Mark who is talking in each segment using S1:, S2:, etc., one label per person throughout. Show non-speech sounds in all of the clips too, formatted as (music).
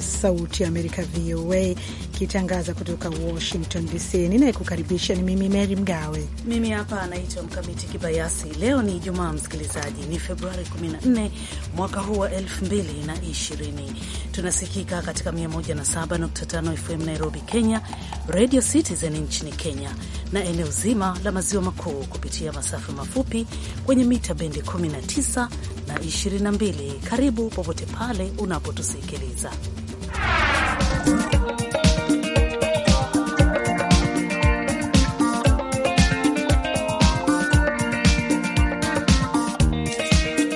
S1: Sauti ya Amerika, VOA, ikitangaza kutoka Washington DC. Ninayekukaribisha ni mimi
S2: Mary Mgawe. Mimi hapa anaitwa Mkamiti Kibayasi. Leo ni Ijumaa, msikilizaji, ni Februari 14 mwaka huu wa 2020. Tunasikika katika 107.5 FM Nairobi, Kenya, Radio Citizen nchini Kenya na eneo zima la maziwa makuu kupitia masafa mafupi kwenye mita bendi 19 na 22. Karibu popote pale unapotusikiliza.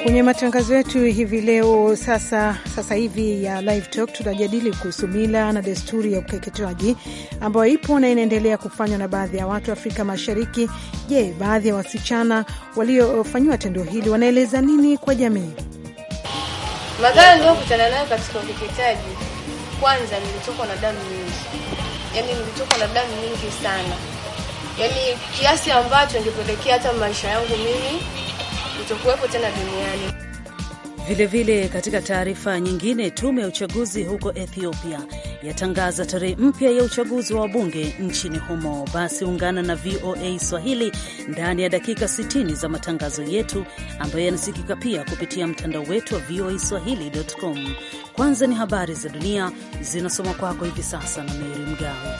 S1: Kwenye matangazo yetu hivi leo sasa sasa hivi ya Live Talk tunajadili kuhusu mila na desturi ya ukeketaji ambayo ipo na inaendelea kufanywa na baadhi ya watu Afrika Mashariki. Je, baadhi ya wasichana waliofanyiwa tendo hili wanaeleza nini kwa jamii? Madhara ndio
S3: kutana nayo katika ukeketaji kwanza nilitokwa na damu nyingi, yaani nilitokwa na damu nyingi sana, yaani kiasi ambacho ingepelekea hata maisha yangu mimi kutokuwepo tena duniani.
S2: Vilevile vile katika taarifa nyingine, tume ya uchaguzi huko Ethiopia yatangaza tarehe mpya ya uchaguzi wa wabunge nchini humo. Basi ungana na VOA Swahili ndani ya dakika 60 za matangazo yetu ambayo yanasikika pia kupitia mtandao wetu wa VOA Swahili.com. Kwanza ni habari za dunia zinasoma kwako hivi sasa na Meri Mgawe.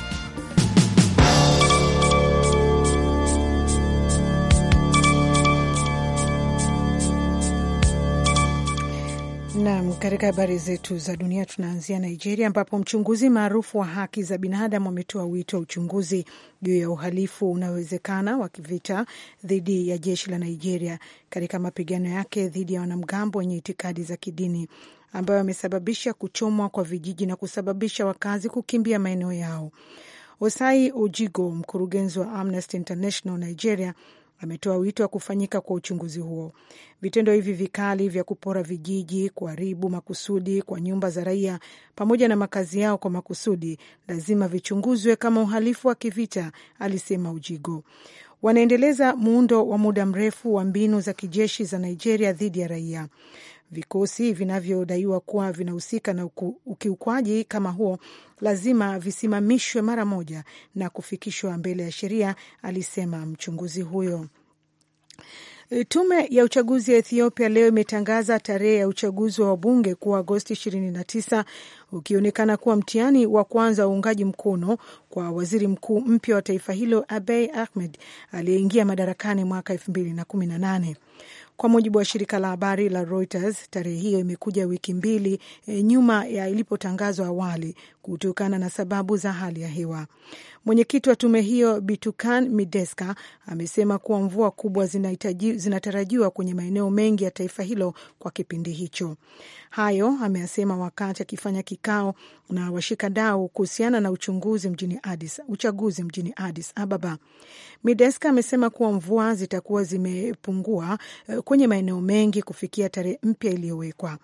S1: katika habari zetu za dunia tunaanzia Nigeria, ambapo mchunguzi maarufu wa haki za binadamu ametoa wito wa uchunguzi juu ya uhalifu unaowezekana wa kivita dhidi ya jeshi la Nigeria katika mapigano yake dhidi ya wanamgambo wenye itikadi za kidini ambayo amesababisha kuchomwa kwa vijiji na kusababisha wakazi kukimbia maeneo yao. Osai Ojigo, mkurugenzi wa Amnesty International Nigeria, ametoa wito wa kufanyika kwa uchunguzi huo. Vitendo hivi vikali vya kupora vijiji, kuharibu makusudi kwa nyumba za raia pamoja na makazi yao kwa makusudi lazima vichunguzwe kama uhalifu wa kivita, alisema Ujigo. Wanaendeleza muundo wa muda mrefu wa mbinu za kijeshi za Nigeria dhidi ya raia. Vikosi vinavyodaiwa kuwa vinahusika na ukiukwaji kama huo lazima visimamishwe mara moja na kufikishwa mbele ya sheria, alisema mchunguzi huyo. Tume ya uchaguzi ya Ethiopia leo imetangaza tarehe ya uchaguzi wa wabunge kuwa Agosti 29 ukionekana kuwa mtihani wa kwanza wa uungaji mkono kwa waziri mkuu mpya wa taifa hilo Abiy Ahmed aliyeingia madarakani mwaka 2018. Kwa mujibu wa shirika la habari la Reuters, tarehe hiyo imekuja wiki mbili e, nyuma ya ilipotangazwa awali kutokana na sababu za hali ya hewa. Mwenyekiti wa tume hiyo Bitukan Mideska amesema kuwa mvua kubwa zinatarajiwa kwenye maeneo mengi ya taifa hilo kwa kipindi hicho. Hayo ameyasema wakati akifanya kikao na washikadau kuhusiana na uchunguzi mjini Addis, uchaguzi mjini Addis Ababa. Mideska amesema kuwa mvua zitakuwa zimepungua eh, kwenye maeneo mengi kufikia tarehe mpya iliyowekwa.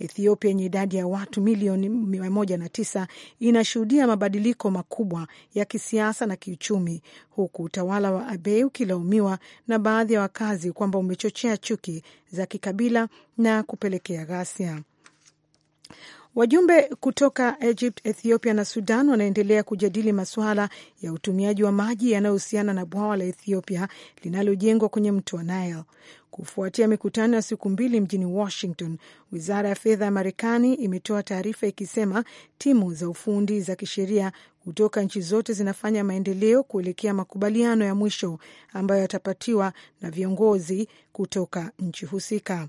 S1: Ethiopia yenye idadi ya watu milioni mia moja na tisa inashuhudia mabadiliko makubwa ya kisiasa na kiuchumi, huku utawala wa abei ukilaumiwa na baadhi ya wakazi kwamba umechochea chuki za kikabila na kupelekea ghasia. Wajumbe kutoka Egypt, Ethiopia na Sudan wanaendelea kujadili masuala ya utumiaji wa maji yanayohusiana na bwawa la Ethiopia linalojengwa kwenye mto wa Nile. Kufuatia mikutano ya siku mbili mjini Washington, wizara ya fedha ya Marekani imetoa taarifa ikisema timu za ufundi za kisheria kutoka nchi zote zinafanya maendeleo kuelekea makubaliano ya mwisho ambayo yatapatiwa na viongozi kutoka nchi husika.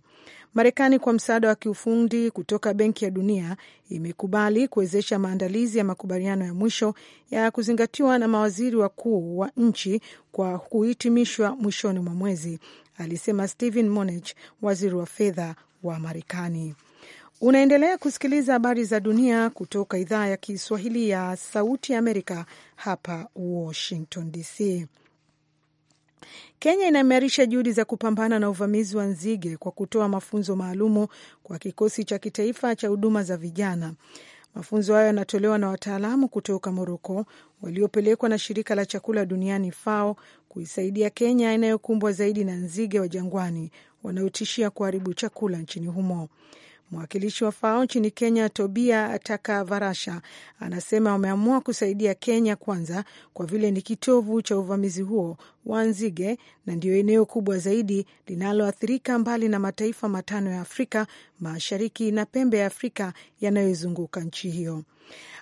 S1: Marekani kwa msaada wa kiufundi kutoka Benki ya Dunia imekubali kuwezesha maandalizi ya makubaliano ya mwisho ya kuzingatiwa na mawaziri wakuu wa nchi kwa kuhitimishwa mwishoni mwa mwezi alisema stephen monich waziri wa fedha wa Marekani. Unaendelea kusikiliza habari za dunia kutoka idhaa ya Kiswahili ya Sauti Amerika, hapa Washington DC. Kenya inaimarisha juhudi za kupambana na uvamizi wa nzige kwa kutoa mafunzo maalumu kwa kikosi cha kitaifa cha huduma za vijana. Mafunzo hayo yanatolewa na wataalamu kutoka Moroko waliopelekwa na shirika la chakula duniani FAO kuisaidia Kenya inayokumbwa zaidi na nzige wa jangwani wanaotishia kuharibu chakula nchini humo. Mwakilishi wa FAO nchini Kenya, Tobia taka varasha anasema wameamua kusaidia Kenya kwanza kwa vile ni kitovu cha uvamizi huo wa nzige na ndiyo eneo kubwa zaidi linaloathirika mbali na mataifa matano ya Afrika Mashariki na pembe ya Afrika yanayozunguka nchi hiyo.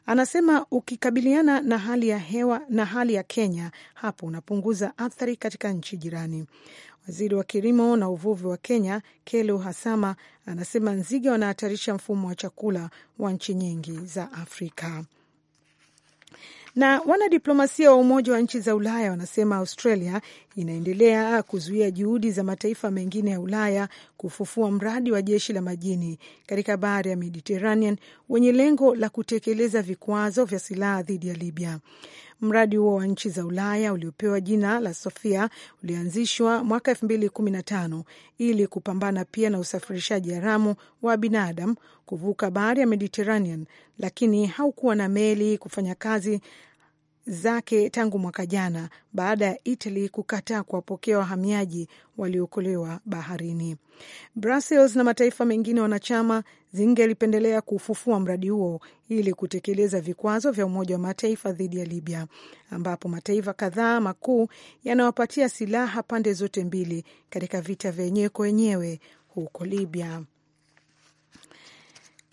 S1: Anasema ukikabiliana na hali ya hewa na hali ya Kenya, hapo unapunguza athari katika nchi jirani. Waziri wa kilimo na uvuvi wa Kenya, Kelu Hasama, anasema nzige wanahatarisha mfumo wa chakula wa nchi nyingi za Afrika. Na wanadiplomasia wa Umoja wa Nchi za Ulaya wanasema
S2: Australia
S1: inaendelea kuzuia juhudi za mataifa mengine ya Ulaya kufufua mradi wa jeshi la majini katika bahari ya Mediterranean wenye lengo la kutekeleza vikwazo vya silaha dhidi ya Libya. Mradi huo wa nchi za Ulaya uliopewa jina la Sofia ulianzishwa mwaka elfu mbili kumi na tano ili kupambana pia na usafirishaji haramu wa binadamu kuvuka bahari ya Mediterranean, lakini haukuwa na meli kufanya kazi zake tangu mwaka jana baada ya Italy kukataa kuwapokea wahamiaji waliokolewa baharini. Brussels na mataifa mengine wanachama zingelipendelea kufufua mradi huo ili kutekeleza vikwazo vya Umoja wa Mataifa dhidi ya Libya, ambapo mataifa kadhaa makuu yanawapatia silaha pande zote mbili katika vita vya wenyewe kwa wenyewe huko Libya.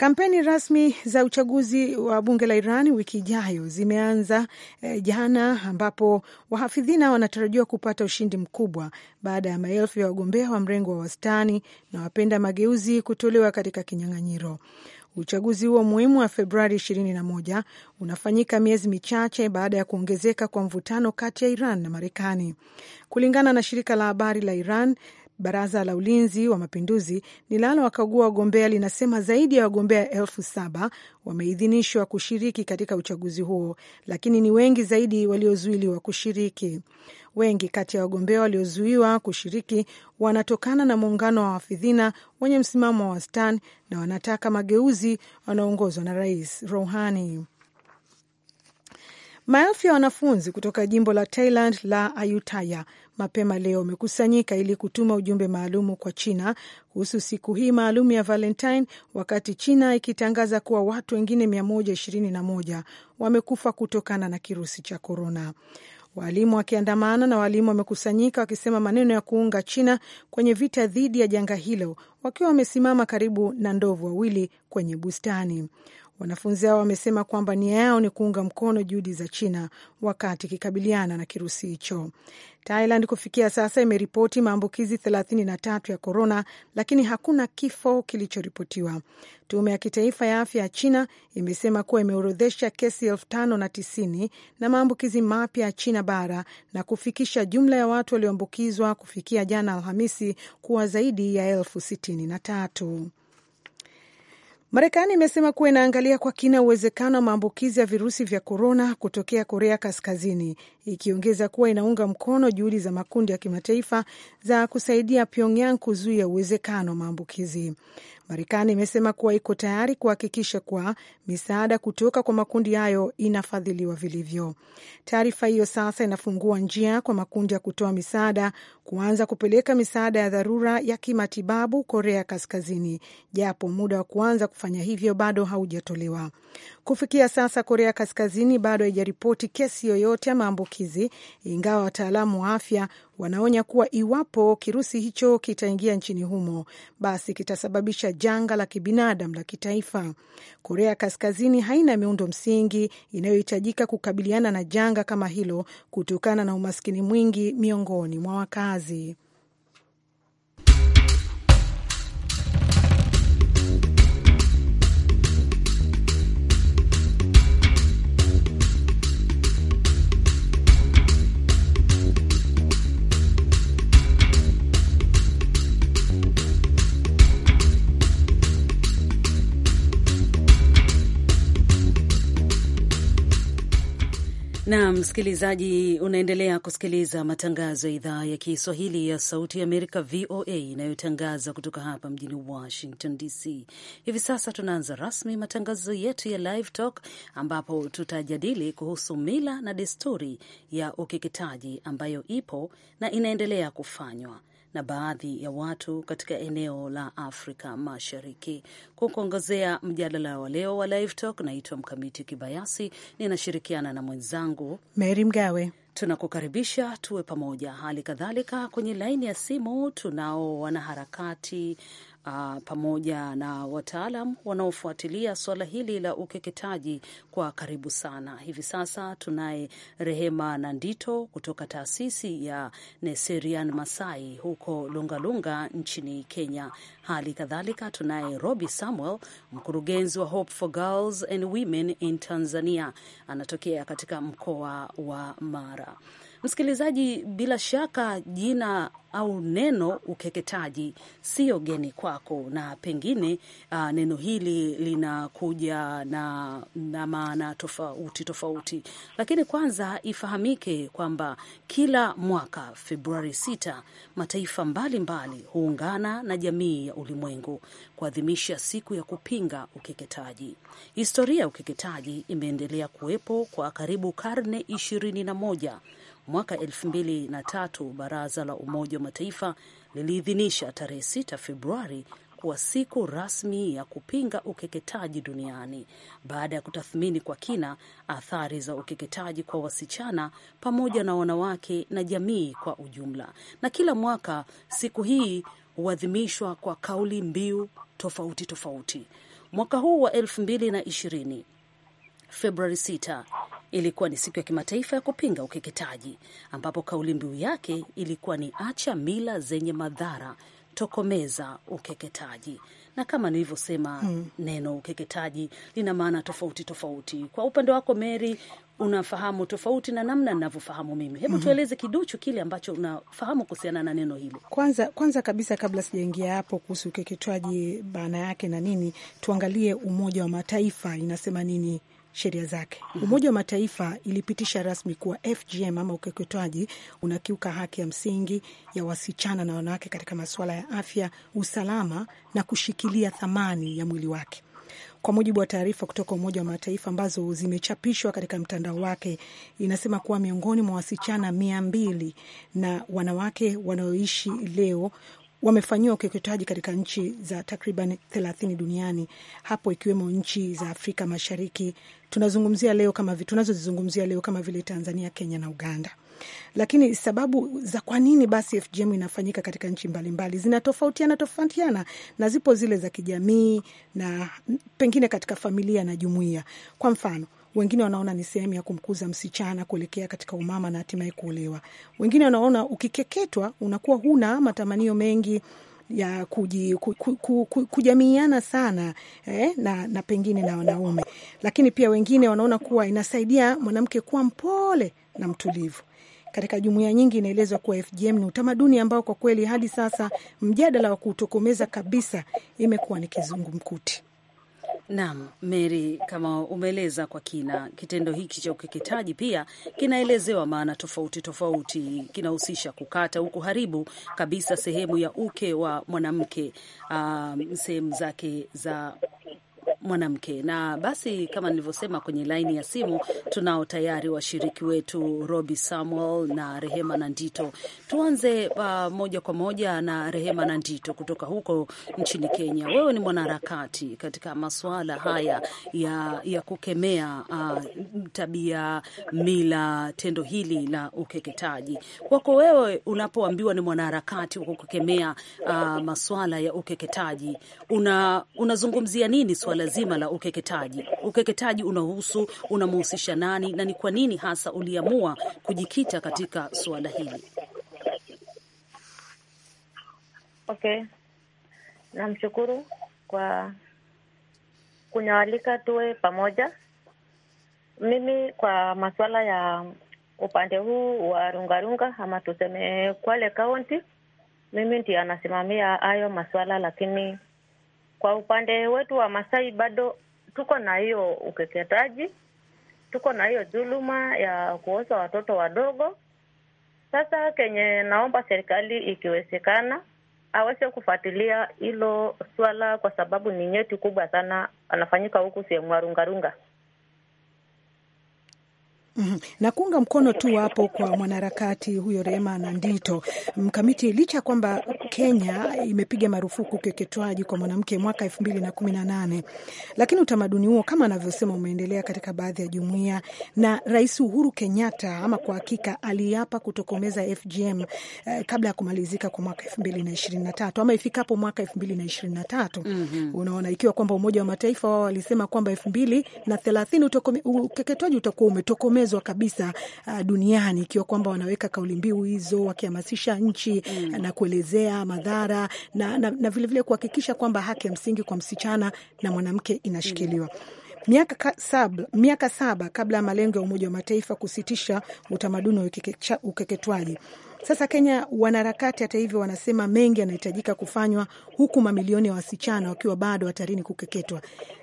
S1: Kampeni rasmi za uchaguzi wa bunge la Iran wiki ijayo zimeanza eh, jana ambapo wahafidhina wanatarajiwa kupata ushindi mkubwa baada ya maelfu ya wagombea wa mrengo wa wastani na wapenda mageuzi kutolewa katika kinyang'anyiro. Uchaguzi huo muhimu wa Februari 21 unafanyika miezi michache baada ya kuongezeka kwa mvutano kati ya Iran na Marekani, kulingana na shirika la habari la Iran. Baraza la Ulinzi wa Mapinduzi linalowakagua wagombea linasema zaidi ya wagombea elfu saba wameidhinishwa kushiriki katika uchaguzi huo, lakini ni wengi zaidi waliozuiliwa kushiriki. Wengi kati ya wagombea waliozuiwa kushiriki wanatokana na muungano wa wafidhina wenye msimamo wa wastani na wanataka mageuzi wanaoongozwa na Rais Rouhani. Maelfu ya wanafunzi kutoka jimbo la Thailand la Ayutthaya mapema leo wamekusanyika ili kutuma ujumbe maalum kwa China kuhusu siku hii maalum ya Valentine, wakati China ikitangaza kuwa watu wengine 121 wamekufa kutokana na kirusi cha korona. Waalimu wakiandamana na waalimu wamekusanyika wakisema maneno ya kuunga China kwenye vita dhidi ya janga hilo, wakiwa wamesimama karibu na ndovu wawili kwenye bustani. Wanafunzi hao wamesema kwamba nia yao ni kuunga mkono juhudi za China wakati ikikabiliana na kirusi hicho. Thailand kufikia sasa imeripoti maambukizi 33 ya korona, lakini hakuna kifo kilichoripotiwa. Tume ya kitaifa ya afya ya China imesema kuwa imeorodhesha kesi elfu na na maambukizi mapya ya China bara na kufikisha jumla ya watu walioambukizwa kufikia jana Alhamisi kuwa zaidi ya elfu sitini Marekani imesema kuwa inaangalia kwa kina uwezekano wa maambukizi ya virusi vya korona kutokea Korea Kaskazini, ikiongeza kuwa inaunga mkono juhudi za makundi ya kimataifa za kusaidia Pyongyang kuzuia uwezekano wa maambukizi. Marekani imesema kuwa iko tayari kuhakikisha kuwa misaada kutoka kwa makundi hayo inafadhiliwa vilivyo. Taarifa hiyo sasa inafungua njia kwa makundi ya kutoa misaada kuanza kupeleka misaada ya dharura ya kimatibabu Korea Kaskazini, japo muda wa kuanza kufanya hivyo bado haujatolewa. Kufikia sasa, Korea Kaskazini bado haijaripoti kesi yoyote ya maambukizi, ingawa wataalamu wa afya wanaonya kuwa iwapo kirusi hicho kitaingia nchini humo, basi kitasababisha janga la kibinadamu la kitaifa. Korea Kaskazini haina miundo msingi inayohitajika kukabiliana na janga kama hilo kutokana na umaskini mwingi miongoni mwa wakazi.
S2: Msikilizaji, unaendelea kusikiliza matangazo ya idhaa ya Kiswahili ya Sauti ya Amerika, VOA, inayotangaza kutoka hapa mjini Washington DC. Hivi sasa tunaanza rasmi matangazo yetu ya Live Talk, ambapo tutajadili kuhusu mila na desturi ya ukeketaji ambayo ipo na inaendelea kufanywa na baadhi ya watu katika eneo la Afrika Mashariki. Kwa kuongezea mjadala wa leo wa Live Talk, naitwa Mkamiti Kibayasi, ninashirikiana na mwenzangu
S1: Meri Mgawe.
S2: Tunakukaribisha tuwe pamoja. Hali kadhalika kwenye laini ya simu tunao wanaharakati uh, pamoja na wataalam wanaofuatilia suala hili la ukeketaji kwa karibu sana. Hivi sasa tunaye Rehema Nandito kutoka taasisi ya Neserian Masai huko Lungalunga nchini Kenya. Hali kadhalika tunaye Robi Samuel, mkurugenzi wa Hope for Girls and Women in Tanzania, anatokea katika mkoa wa Mara. Msikilizaji, bila shaka jina au neno ukeketaji sio geni kwako, na pengine uh, neno hili linakuja na, na maana tofauti tofauti, lakini kwanza ifahamike kwamba kila mwaka Februari 6 mataifa mbalimbali huungana na jamii ya ulimwengu kuadhimisha siku ya kupinga ukeketaji. Historia ya ukeketaji imeendelea kuwepo kwa karibu karne 21. Mwaka 2003 baraza la Umoja Mataifa liliidhinisha tarehe 6 Februari kuwa siku rasmi ya kupinga ukeketaji duniani baada ya kutathmini kwa kina athari za ukeketaji kwa wasichana pamoja na wanawake na jamii kwa ujumla. Na kila mwaka siku hii huadhimishwa kwa kauli mbiu tofauti tofauti. Mwaka huu wa elfu mbili na ishirini Februari 6 ilikuwa ni siku ya kimataifa ya kupinga ukeketaji, ambapo kauli mbiu yake ilikuwa ni acha mila zenye madhara, tokomeza ukeketaji. Na kama nilivyosema, hmm, neno ukeketaji lina maana tofauti tofauti. Kwa upande wako Mary, unafahamu tofauti na namna ninavyofahamu mimi. Hebu mm -hmm. tueleze kiduchu kile ambacho unafahamu kuhusiana na neno hilo.
S1: Kwanza kwanza kabisa kabla sijaingia hapo kuhusu ukeketwaji maana yake na nini, tuangalie Umoja wa Mataifa inasema nini sheria zake. Mhm. Umoja wa Mataifa ilipitisha rasmi kuwa FGM ama ukeketaji unakiuka haki ya msingi ya wasichana na wanawake katika masuala ya afya, usalama na kushikilia thamani ya mwili wake. Kwa mujibu wa taarifa kutoka Umoja wa Mataifa ambazo zimechapishwa katika mtandao wake, inasema kuwa miongoni mwa wasichana mia mbili na wanawake wanaoishi leo wamefanyiwa ukeketaji katika nchi za takriban thelathini duniani hapo ikiwemo nchi za Afrika Mashariki tunazungumzia leo kama tunazozizungumzia leo kama vile Tanzania, Kenya na Uganda. Lakini sababu za kwa nini basi FGM inafanyika katika nchi mbalimbali zinatofautiana tofautiana, na zipo zile za kijamii na pengine katika familia na jumuia Kwa mfano wengine wanaona ni sehemu ya kumkuza msichana kuelekea katika umama na hatimaye kuolewa. Wengine wanaona ukikeketwa unakuwa huna matamanio mengi ya kuji, ku, ku, ku, ku, kujamiiana sana eh, na, na pengine na wanaume. Lakini pia wengine wanaona kuwa inasaidia mwanamke kuwa mpole na mtulivu. Katika jumuiya nyingi inaelezwa kuwa FGM ni utamaduni ambao kwa kweli hadi sasa mjadala wa kuutokomeza kabisa imekuwa ni kizungumkuti.
S2: Naam, Mary, kama umeeleza kwa kina, kitendo hiki cha ukeketaji pia kinaelezewa maana tofauti tofauti. Kinahusisha kukata au kuharibu kabisa sehemu ya uke wa mwanamke, um, sehemu zake za mwanamke. Na basi kama nilivyosema, kwenye laini ya simu tunao tayari washiriki wetu Robi Samuel na Rehema na Ndito. Tuanze uh, moja kwa moja na Rehema na Ndito kutoka huko nchini Kenya. Wewe ni mwanaharakati katika masuala haya ya, ya kukemea uh, tabia, mila, tendo hili la ukeketaji. Kwako wewe unapoambiwa ni mwanaharakati wa kukemea uh, masuala ya ukeketaji, una unazungumzia nini swala zima la ukeketaji. Ukeketaji unahusu, unamhusisha nani, na ni kwa nini hasa uliamua kujikita katika suala hili? Okay,
S4: namshukuru kwa kunyawalika tuwe pamoja. Mimi kwa masuala ya upande huu wa Rungarunga ama tuseme Kwale Kaunti, mimi ndiye anasimamia hayo masuala, lakini kwa upande wetu wa Masai bado tuko na hiyo ukeketaji, tuko na hiyo dhuluma ya kuoza watoto wadogo. Sasa kenye naomba serikali ikiwezekana aweze kufuatilia hilo swala, kwa sababu ni nyeti kubwa sana anafanyika huku sehemu ya Rungarunga.
S1: Mm -hmm. Na kuunga mkono tu hapo kwa mwanaharakati huyo Rema na Ndito mkamiti, licha kwamba Kenya imepiga marufuku ukeketwaji kwa mwanamke mwaka elfu mbili na kumi na nane, lakini utamaduni huo kama anavyosema umeendelea katika baadhi ya jumuia, na Rais Uhuru Kenyatta ama kwa hakika aliapa kutokomeza FGM eh, kabla ya kumalizika kwa mwaka elfu mbili na ishirini na tatu ama ifikapo mwaka elfu mbili na ishirini na tatu. mm -hmm. Unaona, ikiwa kwamba Umoja wa Mataifa wao walisema kwamba elfu mbili na thelathini ukeketwaji utakuwa umetokomea kutokomezwa kabisa uh, duniani, ikiwa kwamba wanaweka kauli mbiu hizo wakihamasisha nchi mm. na kuelezea madhara na, na, na vilevile kuhakikisha kwamba haki ya msingi kwa msichana na mwanamke inashikiliwa mm. Miaka saba, miaka saba kabla ya malengo ya Umoja wa Mataifa kusitisha utamaduni wa ukeketwaji sasa Kenya wanaharakati hata hivyo wanasema mengi yanahitajika kufanywa, huku mamilioni ya wasichana wakiwa bado hatarini kukeketwa.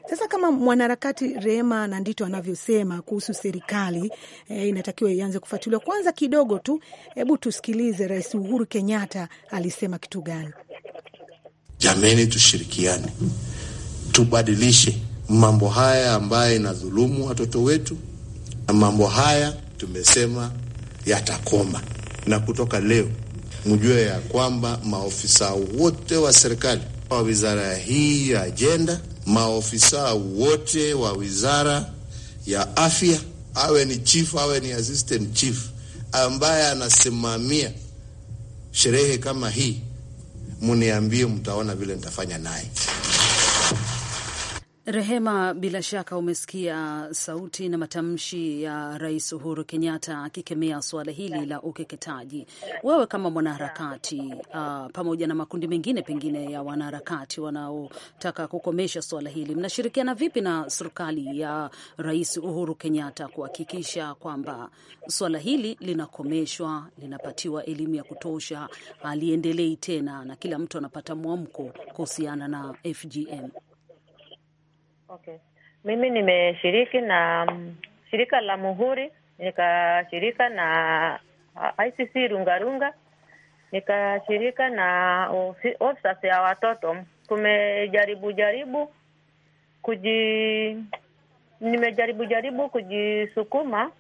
S1: Sasa kama mwanaharakati Rehema na Ndito anavyosema kuhusu serikali e, inatakiwa ianze kufuatiliwa kwanza kidogo tu. Hebu tusikilize Rais Uhuru Kenyatta alisema kitu gani.
S5: Jameni, tushirikiane, tubadilishe mambo haya ambayo inadhulumu watoto wetu, na mambo haya tumesema yatakoma na kutoka leo mjue ya kwamba maofisa wote wa serikali wa wizara hii ya ajenda, maofisa wote wa wizara ya afya, awe ni chief, awe ni assistant chief, ambaye anasimamia sherehe kama hii, muniambie, mtaona vile nitafanya naye.
S2: Rehema, bila shaka umesikia sauti na matamshi ya Rais Uhuru Kenyatta akikemea suala hili la ukeketaji. Wewe kama mwanaharakati uh, pamoja na makundi mengine pengine ya wanaharakati wanaotaka kukomesha suala hili, mnashirikiana vipi na serikali ya Rais Uhuru Kenyatta kuhakikisha kwamba suala hili linakomeshwa, linapatiwa elimu ya kutosha, aliendelei tena na kila mtu anapata mwamko kuhusiana na FGM? Okay, mimi nimeshiriki na mm,
S4: shirika la Muhuri, nikashirika na uh, ICC Rungarunga, nikashirika na ofisa ya watoto. Tumejaribu jaribu kuji, nimejaribu jaribu kujisukuma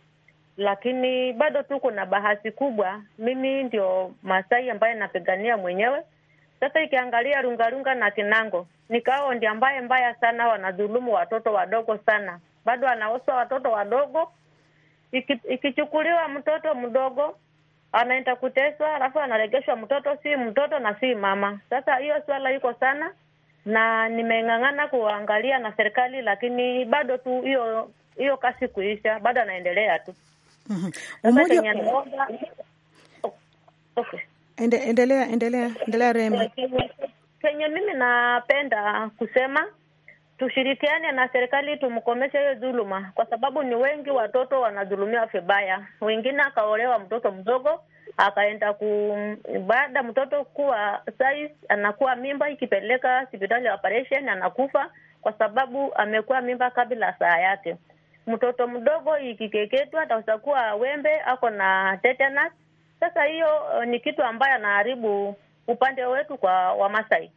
S4: lakini bado tuko na bahati kubwa. Mimi ndio Masai ambaye napigania mwenyewe sasa ikiangalia rungarunga na Kinango ni kao ambaye mbaya sana, wanadhulumu watoto wadogo sana, bado anaoswa watoto wadogo. Ikichukuliwa mtoto mdogo anaenda kuteswa, alafu anaregeshwa mtoto, si mtoto na si mama. Sasa hiyo swala iko sana, na nimeng'ang'ana kuangalia na serikali, lakini bado tu hiyo hiyo kasi kuisha, bado anaendelea tu.
S1: mm -hmm. okay. Ende, endelea endelea endelea Rema.
S4: Kenye mimi napenda kusema tushirikiane na serikali tumkomeshe hiyo dhuluma, kwa sababu ni wengi watoto wanadhulumiwa vibaya. Wengine akaolewa mtoto mdogo akaenda ku, baada mtoto kuwa size anakuwa mimba, ikipeleka hospitali ya operation anakufa kwa sababu amekuwa mimba kabla saa yake. Mtoto mdogo ikikeketwa ataweza kuwa wembe, ako na tetanus sasa hiyo uh, ni kitu ambayo anaharibu upande wetu kwa Wamasai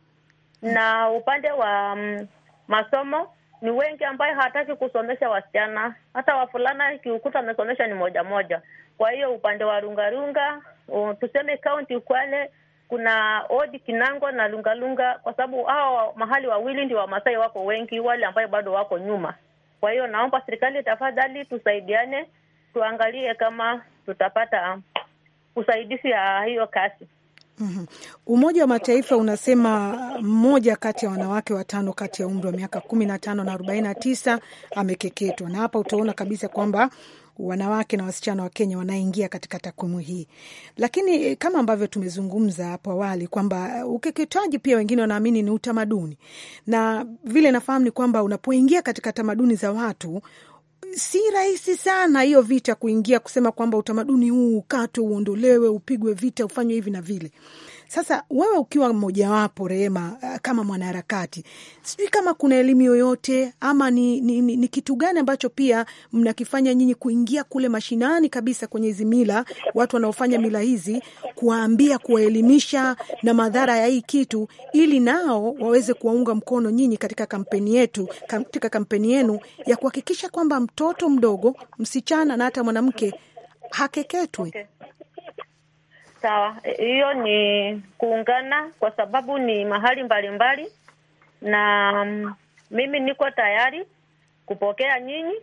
S4: na upande wa um, masomo ni wengi ambayo hawataki kusomesha wasichana, hata wafulana kiukuta amesomesha ni moja moja. Kwa hiyo upande wa Lungalunga uh, tuseme kaunti Kwale kuna Odi, Kinango na Lungalunga, kwa sababu hawa mahali wawili ndio Wamasai wako wengi, wale ambayo bado wako nyuma. Kwa hiyo naomba serikali tafadhali tusaidiane, tuangalie kama tutapata usaidizi ya hiyo kazi.
S1: Mm -hmm. Umoja wa Mataifa unasema mmoja kati ya wanawake watano kati ya umri wa miaka kumi na tano na arobaini na tisa amekeketwa, na hapa utaona kabisa kwamba wanawake na wasichana wa Kenya wanaingia katika takwimu hii, lakini kama ambavyo tumezungumza hapo awali kwamba ukeketaji pia wengine wanaamini ni utamaduni, na vile nafahamu ni kwamba unapoingia katika tamaduni za watu si rahisi sana hiyo vita kuingia kusema kwamba utamaduni huu ukatwe, uondolewe, upigwe vita, ufanywe hivi na vile. Sasa wewe ukiwa mmojawapo, Rehema, eh, kama mwanaharakati, sijui kama kuna elimu yoyote ama ni, ni, ni, ni kitu gani ambacho pia mnakifanya nyinyi kuingia kule mashinani kabisa kwenye hizi mila, watu wanaofanya mila hizi, kuwaambia, kuwaelimisha na madhara ya hii kitu, ili nao waweze kuwaunga mkono nyinyi katika kampeni yetu, katika kampeni yenu ya kuhakikisha kwamba mtoto mdogo, msichana na hata mwanamke hakeketwe Okay
S4: sawa. Hiyo ni kuungana, kwa sababu ni mahali mbalimbali mbali, na mm, mimi niko tayari kupokea nyinyi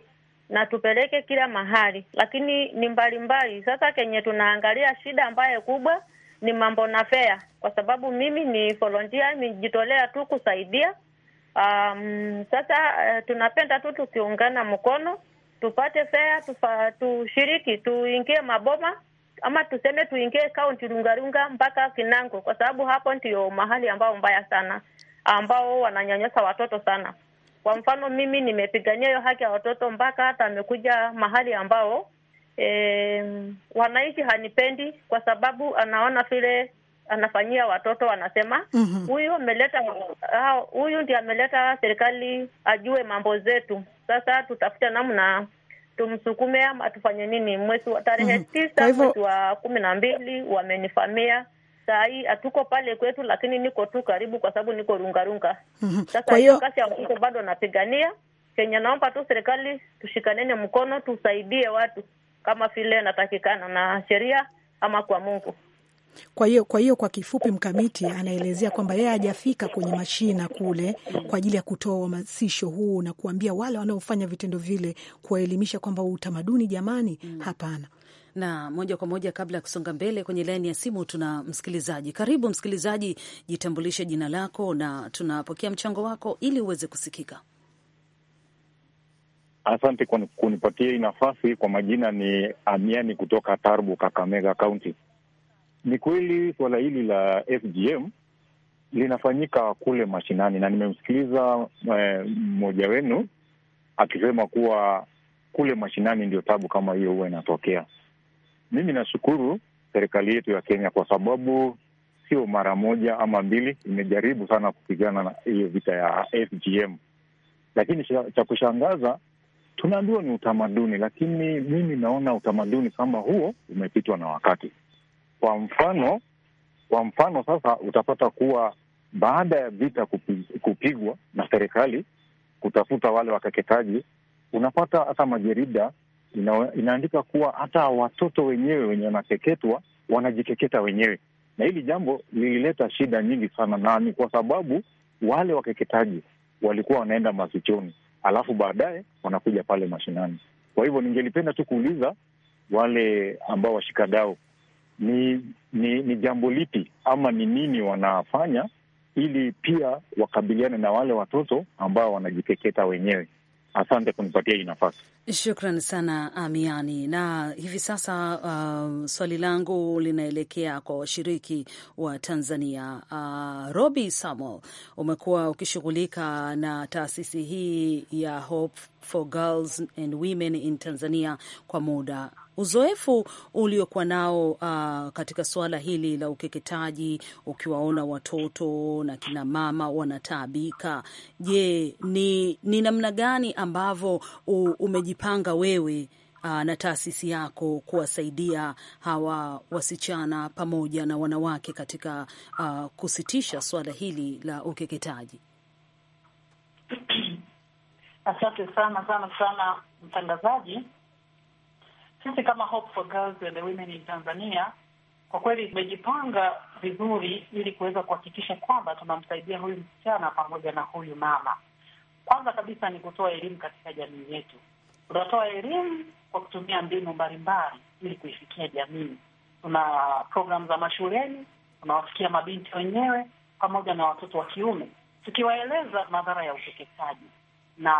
S4: na tupeleke kila mahali, lakini ni mbalimbali. Sasa kenye tunaangalia shida ambayo kubwa ni mambo na fea, kwa sababu mimi ni volontia, nimejitolea tu kusaidia. Um, sasa uh, tunapenda tu tukiungana mkono tupate fea, tufa, tushiriki tuingie maboma ama tuseme tuingie kaunti Lungalunga mpaka Kinango, kwa sababu hapo ndio mahali ambao mbaya sana ambao wananyanyasa watoto sana. Kwa mfano mimi nimepigania hiyo haki ya watoto mpaka hata amekuja mahali ambao e, wanaishi hanipendi kwa sababu anaona vile anafanyia watoto, wanasema mhm. huyu mm-hmm. ameleta huyu ndio ameleta serikali ajue mambo zetu, sasa tutafuta namna tumsukume ama tufanye nini? Mwezi wa tarehe mm -hmm. tisa mwezi wa kumi na mbili wamenifamia saa hii hatuko pale kwetu, lakini niko tu karibu kwa sababu niko rungarunga
S2: mhm. sasa. Kwa hiyo
S4: kasi ya mtoto bado napigania Kenya. Naomba tu serikali tushikanene mkono, tusaidie watu kama vile natakikana na sheria ama kwa Mungu.
S1: Kwa hiyo kwa hiyo kwa kifupi, mkamiti anaelezea kwamba yeye hajafika kwenye mashina kule kwa ajili ya kutoa uhamasisho huu na kuambia wale wanaofanya vitendo vile, kuwaelimisha kwamba utamaduni jamani, mm. hapana
S2: na moja kwa moja, kabla ya kusonga mbele, kwenye laini ya simu tuna msikilizaji. Karibu msikilizaji, jitambulishe jina lako na tunapokea mchango wako ili uweze kusikika.
S5: Asante kunipatia hii nafasi. Kwa majina ni Amiani kutoka tarbu Kakamega Kaunti. Ni kweli suala hili la FGM linafanyika kule mashinani, na nimemsikiliza eh, mmoja eh, wenu akisema kuwa kule mashinani ndio tabu kama hiyo huwa inatokea. Mimi nashukuru serikali yetu ya Kenya kwa sababu sio mara moja ama mbili imejaribu sana kupigana na hiyo vita ya FGM, lakini cha kushangaza tunaambiwa ni utamaduni, lakini mimi naona utamaduni kama huo umepitwa na wakati. Kwa mfano, kwa mfano sasa utapata kuwa baada ya vita kupigwa na serikali kutafuta wale wakeketaji, unapata hata majerida ina, inaandika kuwa hata watoto wenyewe wenye wanakeketwa wanajikeketa wenyewe, na hili jambo lilileta shida nyingi sana, na ni kwa sababu wale wakeketaji walikuwa wanaenda masichoni alafu baadaye wanakuja pale mashinani. Kwa hivyo ningelipenda tu kuuliza wale ambao washikadao ni, ni, ni jambo lipi ama ni nini wanafanya ili pia wakabiliane na wale watoto ambao wanajikeketa wenyewe. Asante kunipatia hii nafasi.
S2: Shukran sana Amiani. Na hivi sasa uh, swali langu linaelekea kwa washiriki wa Tanzania. Uh, Robi Samuel, umekuwa ukishughulika na taasisi hii ya Hope for Girls and Women in Tanzania kwa muda uzoefu uliokuwa nao uh, katika suala hili la ukeketaji, ukiwaona watoto na kina mama wanataabika. Je, ni, ni namna gani ambavyo umejipanga wewe uh, na taasisi yako kuwasaidia hawa wasichana pamoja na wanawake katika uh, kusitisha suala hili la ukeketaji?
S6: Asante sana sana sana mtangazaji sisi kama Hope for Girls and the Women in Tanzania kwa kweli tumejipanga vizuri ili kuweza kuhakikisha kwamba tunamsaidia huyu msichana pamoja na huyu mama. Kwanza kabisa ni kutoa elimu katika jamii yetu. Tunatoa elimu kwa kutumia mbinu mbalimbali ili kuifikia jamii. Tuna programu za mashuleni, tunawafikia mabinti wenyewe pamoja na watoto wa kiume, tukiwaeleza madhara ya ukeketaji, na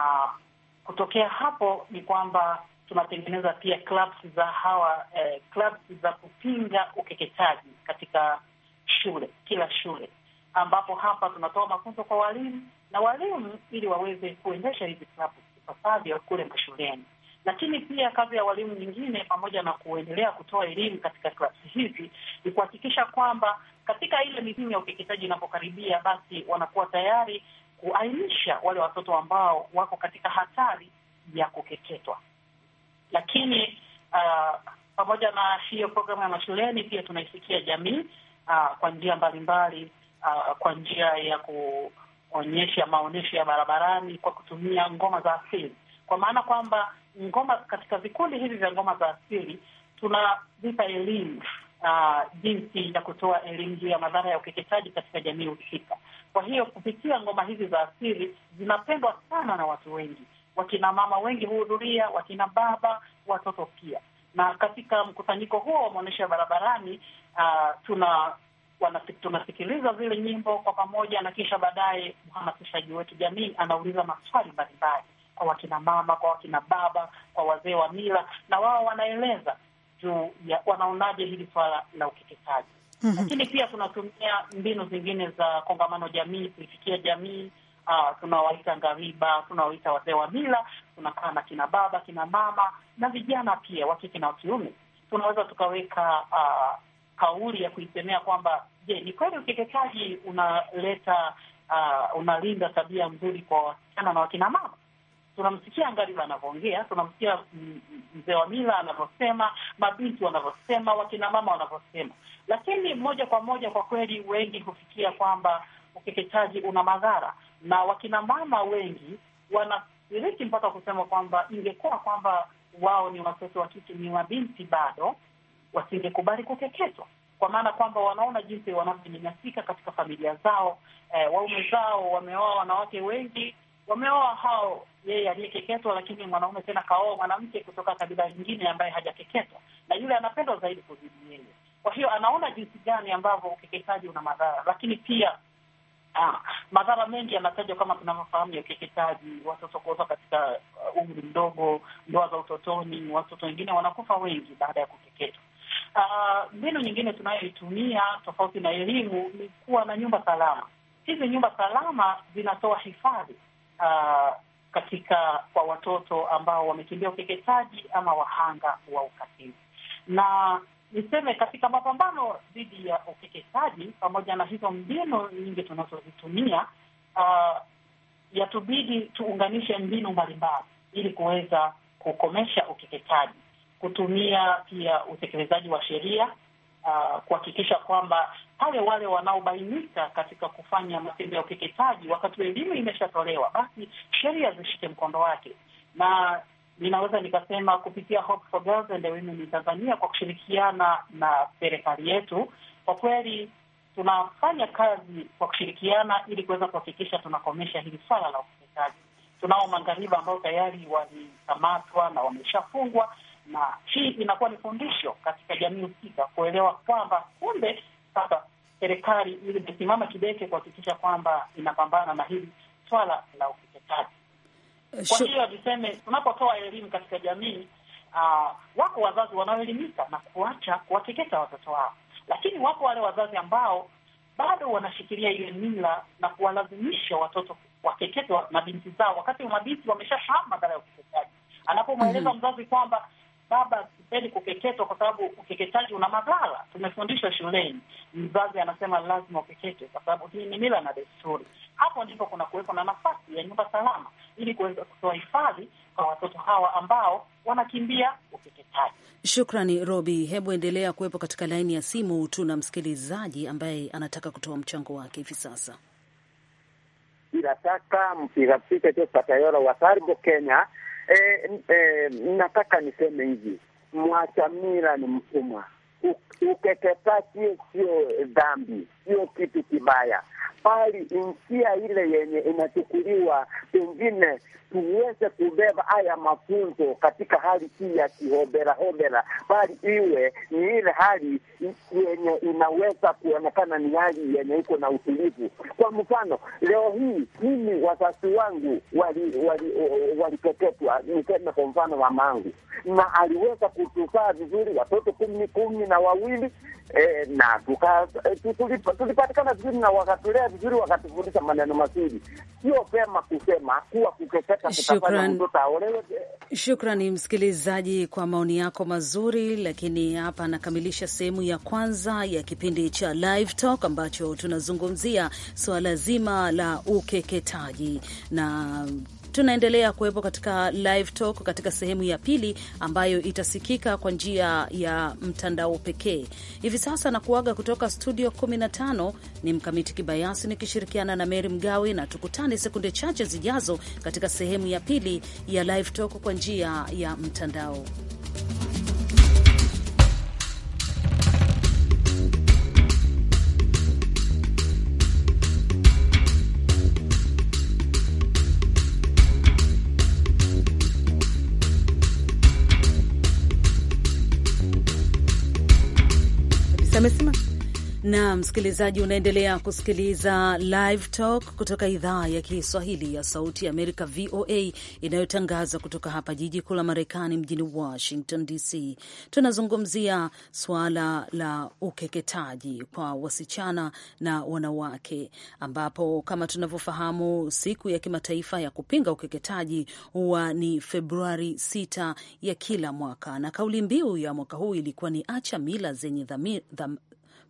S6: kutokea hapo ni kwamba tunatengeneza pia clubs za hawa eh, clubs za kupinga ukeketaji katika shule, kila shule, ambapo hapa tunatoa mafunzo kwa walimu na walimu ili waweze kuendesha hizi klabu ipasavyo kule mashuleni. Lakini pia kazi ya walimu nyingine, pamoja na kuendelea kutoa elimu katika klabu hizi, ni kuhakikisha kwamba katika ile mizimu ya ukeketaji inapokaribia, basi wanakuwa tayari kuainisha wale watoto ambao wako katika hatari ya kukeketwa lakini uh, pamoja na hiyo programu ya mashuleni pia tunaifikia jamii uh, kwa njia mbalimbali uh, kwa njia ya kuonyesha maonyesho ya barabarani kwa kutumia ngoma za asili, kwa maana kwamba ngoma katika vikundi hivi vya ngoma za asili tunavipa elimu uh, jinsi ya kutoa elimu juu ya madhara ya ukeketaji katika jamii husika. Kwa hiyo kupitia ngoma hizi za asili zinapendwa sana na watu wengi wakina mama wengi huhudhuria, wakina baba, watoto pia. Na katika mkusanyiko huo wa maonyesho ya barabarani uh, tuna tunasikiliza zile nyimbo kwa pamoja, na kisha baadaye mhamasishaji wetu jamii anauliza maswali mbalimbali kwa wakina mama, kwa wakina baba, kwa wazee wa mila, na wao wanaeleza juu ya wanaonaje hili swala la ukeketaji. Mm -hmm. Lakini pia tunatumia mbinu zingine za kongamano jamii, kuifikia jamii uh, tunawaita ngariba, tunawaita wazee wa mila, tunakaa na kina baba, kina mama na vijana pia wa kike na wa kiume. Tunaweza tukaweka uh, kauli ya kuisemea kwamba je, ni kweli ukeketaji unaleta uh, unalinda tabia nzuri kwa wasichana na wakina mama? Tunamsikia ngariba anavyoongea, tunamsikia mzee wa mila anavyosema, mabinti wanavyosema, wakinamama wanavyosema, lakini moja kwa moja, kwa kweli wengi hufikia kwamba ukeketaji una madhara, na wakina mama wengi wanashiriki mpaka kusema kwamba ingekuwa kwamba wao ni watoto wa kike, ni mabinti, bado wasingekubali kukeketwa, kwa maana kwamba wanaona jinsi wanavyonyanyasika katika familia zao. Eh, waume zao wameoa wanawake wengi, wameoa hao yeye aliyekeketwa, lakini mwanaume tena kaoa mwanamke kutoka kabila lingine ambaye hajakeketwa, na yule anapendwa zaidi kuzidi yeye. Kwa hiyo anaona jinsi gani ambavyo ukeketaji una madhara, lakini pia Ah, madhara mengi yanatajwa kama tunavyofahamu ya ukeketaji, watoto kuoza katika uh, umri mdogo, ndoa za utotoni, watoto wengine wanakufa wengi baada ya kukeketwa. Ah, mbinu nyingine tunayoitumia tofauti na elimu ni kuwa na nyumba salama. Hizi nyumba salama zinatoa hifadhi ah, katika kwa watoto ambao wamekimbia ukeketaji ama wahanga wa ukatili na niseme katika mapambano dhidi ya ukeketaji pamoja na hizo mbinu nyingi tunazozitumia, uh, yatubidi tuunganishe mbinu mbalimbali ili kuweza kukomesha ukeketaji, kutumia pia utekelezaji wa sheria uh, kuhakikisha kwamba pale wale wanaobainika katika kufanya matendo ya ukeketaji, wakati elimu imeshatolewa, basi sheria zishike mkondo wake na ninaweza nikasema kupitia Hope for Girls and Women in Tanzania kwa kushirikiana na serikali yetu, kwa kweli tunafanya kazi kwa kushirikiana ili kuweza kuhakikisha tunakomesha hili swala la ufisadi. Tunao mangariba ambao tayari walikamatwa na wameshafungwa, na hii inakuwa ni fundisho katika jamii husika kuelewa kwamba kumbe sasa serikali imesimama kidete kuhakikisha kwamba inapambana na hili swala la ukeketaji. Eh, Kwa hiyo tuseme, tunapotoa elimu katika jamii uh, wako wazazi wanaoelimika na kuacha kuwateketa watoto wao, lakini wako wale wazazi ambao bado wanashikilia ile mila na kuwalazimisha watoto wateketwa na binti zao, wakati mabinti wameshashahamu madhara ya ukeketaji. Anapomweleza mm -hmm. mzazi kwamba baba sipendi kukeketwa kwa sababu ukeketaji una madhara. Tumefundishwa shuleni, mzazi anasema lazima ukekete kwa sababu hii ni mila na desturi. Hapo ndipo kuna kuwepo na nafasi ya nyumba salama ili kuweza kutoa hifadhi kwa watoto hawa ambao wanakimbia
S2: ukeketaji. Shukrani Robi, hebu endelea kuwepo katika laini ya simu. Tuna msikilizaji ambaye anataka kutoa mchango wake hivi sasa.
S7: Bila shaka mpiga picha Josephat Ayora wa Tarbo, Kenya e, e, nataka niseme hivi, mwacha mila ni mtumwa, ukeketaji sio dhambi sio kitu kibaya, bali njia ile yenye inachukuliwa, pengine tuweze kubeba haya mafunzo katika hali hii ya hobera, bali iwe ni ile hali yenye inaweza kuonekana ni hali yenye iko na utulivu. Kwa mfano, leo hii mimi wazazi wangu walikeketwa, wali, wali niseme kwa mfano mangu na aliweza kutuzaa vizuri watoto kumi kumi na wawili eh, na tuka, eh, tulipatikana vizuri na wakatulea vizuri, wakatufundisha maneno mazuri. Sio vema kusema kuwa kukeketa kutafanya mtoto aolewe.
S2: Shukrani msikilizaji kwa maoni yako mazuri, lakini hapa anakamilisha sehemu ya kwanza ya kipindi cha Live Talk ambacho tunazungumzia swala zima la ukeketaji na tunaendelea kuwepo katika live talk katika sehemu ya pili ambayo itasikika kwa njia ya mtandao pekee. Hivi sasa nakuaga kutoka studio 15 ni Mkamiti Kibayasi nikishirikiana na Meri Mgawe, na tukutane sekunde chache zijazo katika sehemu ya pili ya live talk kwa njia ya mtandao. la más. na msikilizaji, unaendelea kusikiliza Live Talk kutoka idhaa ya Kiswahili ya Sauti ya Amerika, VOA, inayotangaza kutoka hapa jiji kuu la Marekani, mjini Washington DC. Tunazungumzia suala la ukeketaji kwa wasichana na wanawake, ambapo kama tunavyofahamu, siku ya kimataifa ya kupinga ukeketaji huwa ni Februari 6 ya kila mwaka, na kauli mbiu ya mwaka huu ilikuwa ni acha mila zenye dhamir, dham,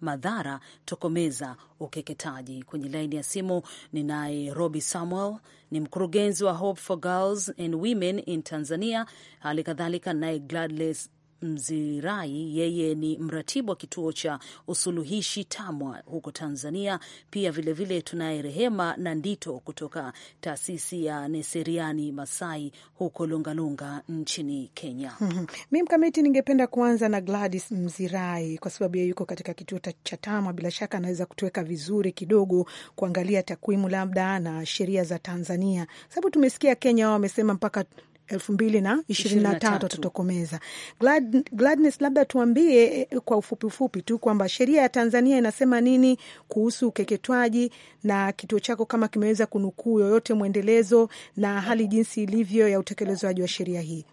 S2: madhara, tokomeza ukeketaji. Kwenye laini ya simu ninaye Robi Samuel, ni mkurugenzi wa Hope for Girls and Women in Tanzania, hali kadhalika naye Gladless Mzirai, yeye ni mratibu wa kituo cha usuluhishi TAMWA huko Tanzania. Pia vilevile tunaye Rehema na Ndito kutoka taasisi ya Neseriani Masai huko Lungalunga nchini Kenya. (laughs)
S1: Mi mkamiti, ningependa kuanza na Gladys Mzirai kwa sababu yeye yuko katika kituo cha TAMWA. Bila shaka anaweza kutuweka vizuri kidogo kuangalia takwimu labda na sheria za Tanzania, sababu tumesikia Kenya wao wamesema mpaka elfu mbili na ishirini na tatu atatokomeza. Glad, Gladness, labda tuambie eh, kwa ufupi ufupi tu kwamba sheria ya Tanzania inasema nini kuhusu ukeketwaji na kituo chako kama kimeweza kunukuu yoyote mwendelezo na hali jinsi ilivyo ya utekelezwaji wa sheria hii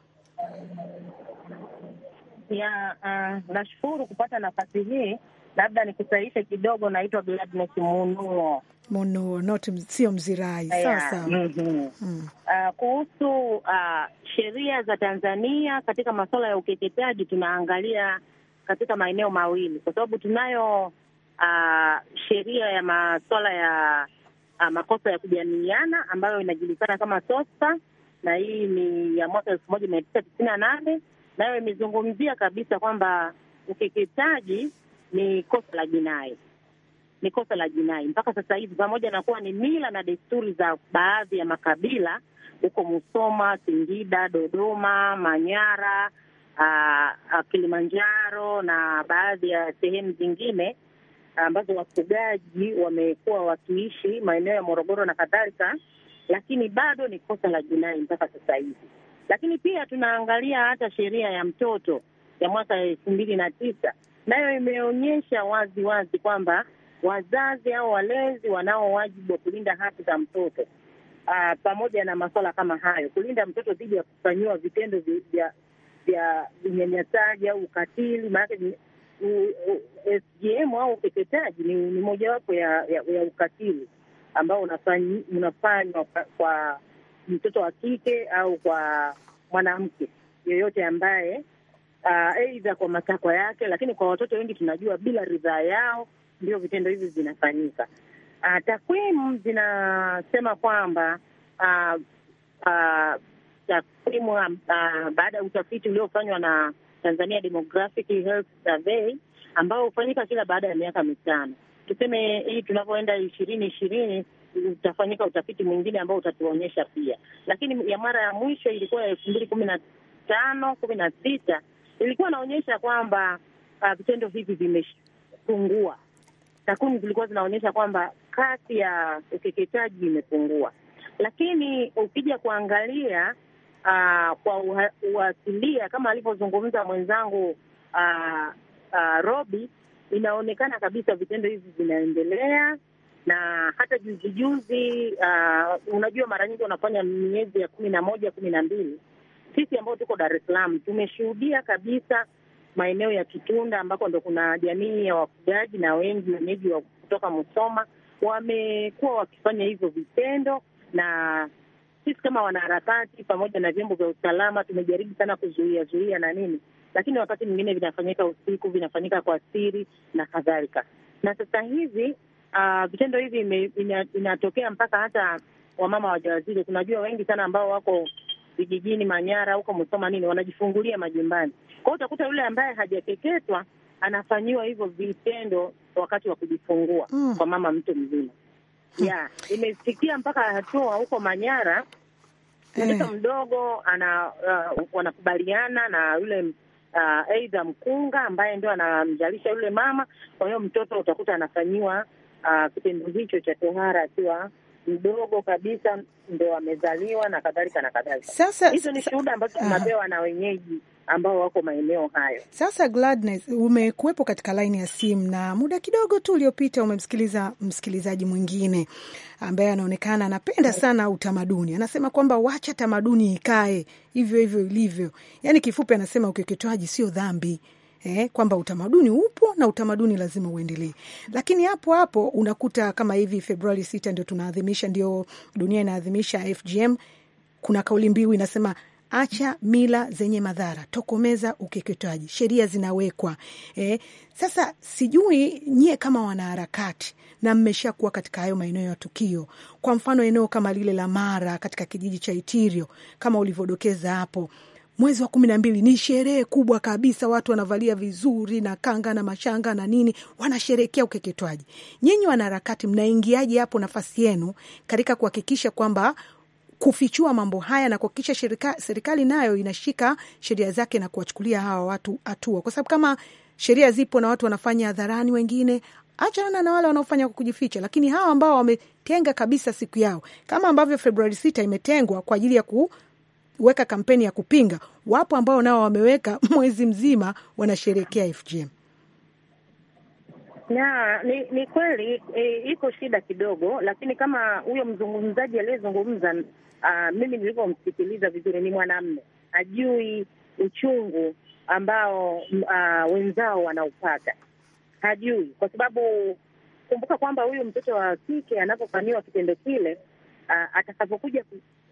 S8: ya uh, nashukuru kupata nafasi hii. Labda nikusaidie
S1: kidogo, naitwa Gladness Munuo. Mono, not sio mzirai sasa. mm -hmm. mm.
S8: Uh, kuhusu uh, sheria za Tanzania katika masuala ya ukeketaji tunaangalia katika maeneo mawili, kwa sababu tunayo uh, sheria ya masuala ya uh, makosa ya kujamiiana ambayo inajulikana kama SOSA, na hii ni ya mwaka elfu moja mia tisa tisini na nane nayo imezungumzia kabisa kwamba ukeketaji ni kosa la jinai ni kosa la jinai mpaka sasa hivi, pamoja na kuwa ni mila na desturi za baadhi ya makabila huko Musoma, Singida, Dodoma, Manyara, aa, Kilimanjaro na baadhi ya sehemu zingine ambazo wafugaji wamekuwa wakiishi maeneo ya Morogoro na kadhalika, lakini bado ni kosa la jinai mpaka sasa hivi. Lakini pia tunaangalia hata sheria ya mtoto ya mwaka elfu mbili na tisa nayo imeonyesha wazi wazi kwamba wazazi au walezi wanao wajibu wa kulinda haki za mtoto aa, ah, pamoja na masuala kama hayo, kulinda mtoto dhidi ya kufanyiwa vitendo vya vya unyanyasaji au ukatili. Maanake SGM au ukeketaji ni, ni mojawapo ya, ya, ya ukatili ambao unafanywa kwa mtoto wa kike au kwa mwanamke yoyote ambaye ah, aidha uh, kwa matakwa yake, lakini kwa watoto wengi tunajua bila ridhaa yao ndio vitendo hivi vinafanyika. Uh, takwimu zinasema kwamba uh, uh, takwimu uh, baada ya utafiti uliofanywa na Tanzania Demographic Health Survey ambao hufanyika kila baada ya miaka mitano, tuseme hii tunavyoenda ishirini ishirini utafanyika utafiti mwingine ambao utatuonyesha pia, lakini ya mara ya mwisho ilikuwa elfu mbili kumi na tano kumi na sita ilikuwa inaonyesha kwamba vitendo uh, hivi vimepungua takwimu zilikuwa zinaonyesha kwamba kasi ya ukeketaji imepungua, lakini ukija kuangalia uh, kwa uasilia kama alivyozungumza mwenzangu uh, uh, Robi, inaonekana kabisa vitendo hivi vinaendelea na hata juzi juzi, uh, unajua mara nyingi wanafanya miezi ya kumi na moja kumi na mbili. Sisi ambao tuko Dar es Salaam tumeshuhudia kabisa maeneo ya Kitunda ambako ndo kuna jamii ya wafugaji na wengi wenyeji wa kutoka Musoma wamekuwa wakifanya hivyo vitendo, na sisi kama wanaharakati pamoja na vyombo vya usalama tumejaribu sana kuzuia zuia na nini, lakini wakati mwingine vinafanyika usiku, vinafanyika kwa siri na kadhalika. Na sasa hivi uh, vitendo hivi ina, inatokea mpaka hata wamama wajawazito. Tunajua wengi sana ambao wako vijijini Manyara huko Musoma nini, wanajifungulia majumbani. Kwa hiyo utakuta yule ambaye hajakeketwa anafanyiwa hivyo vitendo wakati wa kujifungua mm. kwa mama mtu mzima hmm. yeah. Imefikia mpaka hatua huko Manyara eh. mtoto mm. mdogo ana uh, wanakubaliana na yule uh, aidha mkunga ambaye ndio anamzalisha yule mama. Kwa hiyo mtoto utakuta anafanyiwa uh, kitendo hicho cha tohara akiwa mdogo kabisa ndo wamezaliwa na kadhalika na kadhalika. Sasa hizo ni shuhuda ambazo ah. tunapewa na wenyeji ambao wako maeneo hayo.
S1: Sasa Gladness, umekuwepo katika laini ya simu na muda kidogo tu uliopita umemsikiliza msikilizaji mwingine ambaye anaonekana anapenda sana utamaduni. Anasema kwamba wacha tamaduni ikae hivyo hivyo ilivyo, yaani kifupi anasema ukeketwaji sio dhambi eh, kwamba utamaduni upo na utamaduni lazima uendelee. Lakini hapo hapo unakuta kama hivi Februari sita ndio tunaadhimisha, ndio dunia inaadhimisha FGM. Kuna kauli mbiu inasema acha mila zenye madhara, tokomeza ukeketaji, sheria zinawekwa. Eh, sasa sijui nyie kama wanaharakati na mmeshakuwa katika hayo maeneo ya tukio, kwa mfano eneo kama lile la Mara katika kijiji cha Itirio kama ulivyodokeza hapo mwezi wa kumi na mbili ni sherehe kubwa kabisa, watu wanavalia vizuri na kanga na mashanga na nini, wanasherekea ukeketwaji. Nyinyi wanaharakati, mnaingiaje hapo nafasi yenu katika kuhakikisha kwamba kufichua mambo haya na kuhakikisha serikali nayo inashika sheria zake na kuwachukulia hawa watu hatua, kwa sababu kama sheria zipo na watu wanafanya hadharani, wengine achana na wale wanaofanya kwa kujificha, lakini hawa ambao wametenga kabisa siku yao, kama ambavyo Februari sita imetengwa kwa ajili ya ku wameweka kampeni ya kupinga, wapo ambao nao wameweka (laughs) mwezi mzima wanasherekea FGM.
S8: Na, ni, ni kweli e, iko shida kidogo, lakini kama huyo mzungumzaji aliyezungumza, mimi nilivyomsikiliza vizuri, ni mwanamme hajui uchungu ambao a, wenzao wanaupata, hajui kwa sababu kumbuka kwamba huyu mtoto wa kike anapofanyiwa kitendo kile uh, atakapokuja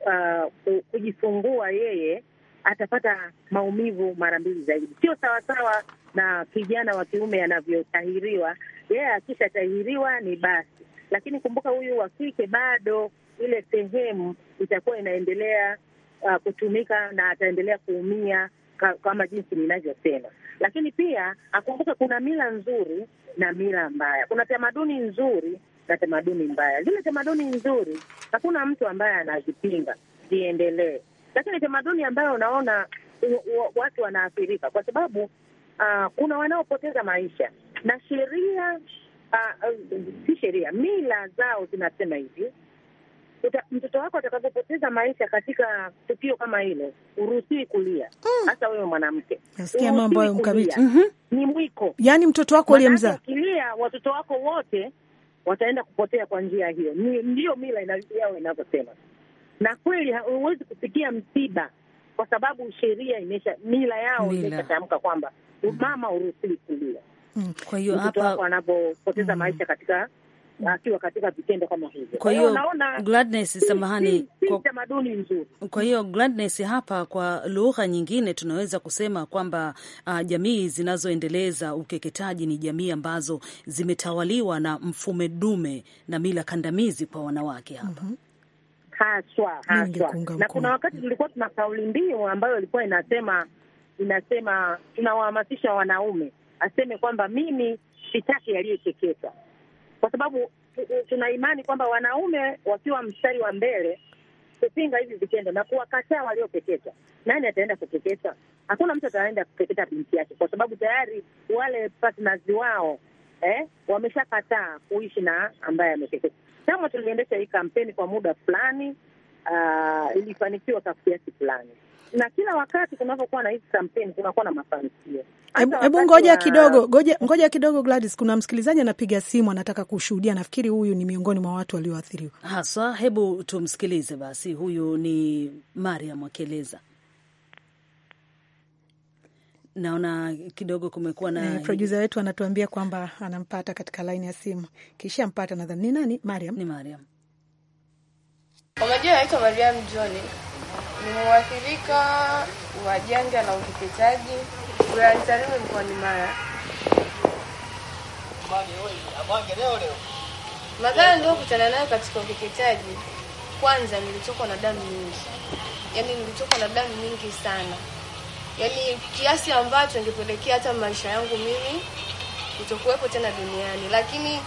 S8: uh, kujifungua yeye atapata maumivu mara mbili zaidi. Sio sawasawa na kijana wa kiume anavyotahiriwa yeye, yeah, akishatahiriwa ni basi, lakini kumbuka huyu wa kike bado ile sehemu itakuwa inaendelea uh, kutumika na ataendelea kuumia kama jinsi ninavyosema, lakini pia akumbuke kuna mila nzuri na mila mbaya, kuna tamaduni nzuri na tamaduni mbaya. Zile tamaduni nzuri hakuna mtu ambaye anazipinga, ziendelee, lakini tamaduni ambayo unaona watu wanaathirika kwa sababu uh, kuna wanaopoteza maisha na sheria uh, uh, si sheria, mila zao zinasema hivi mtoto wako atakapopoteza maisha katika tukio kama hilo, uruhusiwi kulia, hmm. hasa wewe mwanamke. Nasikia mambo hayo mhm. ni mwiko.
S1: Yani mtoto wako uliyemzaa,
S8: watoto wako wote wataenda kupotea kwa njia hiyo. Ndiyo mila yao inavyosema, na kweli huwezi kufikia msiba kwa sababu sheria imesha, mila yao imeshatamka kwamba mm. mama uruhusiwi kulia.
S2: Mm, kwa hiyo hapa
S8: wanapopoteza mm. maisha katika akiwa katika vitendo kama hivyo. Kwa hiyo
S2: Gladness, samahani, tamaduni nzuri. Kwa hiyo Gladness, hapa kwa lugha nyingine tunaweza kusema kwamba uh, jamii zinazoendeleza ukeketaji ni jamii ambazo zimetawaliwa na mfume dume na mila kandamizi kwa wanawake hapa mm -hmm. Haswa
S8: haswa, na kuna wakati tulikuwa tuna kauli mbiu ambayo ilikuwa inasema inasema tunawahamasisha wanaume aseme kwamba mimi sitaki aliyekeketwa kwa sababu tuna imani kwamba wanaume wakiwa mstari wa mbele kupinga hivi vitendo na kuwakataa waliopeketa, nani ataenda kupeketa? Hakuna mtu ataenda kupeketa binti yake, kwa sababu tayari wale partners wao eh, wameshakataa kuishi na ambaye amepeketa. Chama tuliendesha hii kampeni kwa muda fulani,
S1: uh,
S8: ilifanikiwa kwa kiasi fulani na kila wakati kunapokuwa na hizi kampeni kunakuwa na
S2: mafanikio.
S1: Hebu ngoja kidogo, ngoja ngoja kidogo Gladys, kuna msikilizaji anapiga simu anataka kushuhudia. Nafikiri huyu ni miongoni mwa watu walioathiriwa
S2: haswa. Hebu tumsikilize basi. Huyu ni Mariam Mwakeleza. Naona kidogo kumekuwa na eh, producer
S1: wetu anatuambia kwamba anampata katika laini ya simu, kisha mpata. Nadhani ni nani? Mariam, ni Mariam.
S3: Unajua anaitwa Mariam John ni mwathirika wa janga la ukeketaji wilayani Tarime mkoani Mara. Madhara niliyokutana nayo katika ukeketaji, kwanza nilitokwa na damu nyingi, yaani nilitokwa na damu nyingi sana, yaani kiasi ambacho ingepelekea hata maisha yangu mimi kutokuwepo tena duniani. Lakini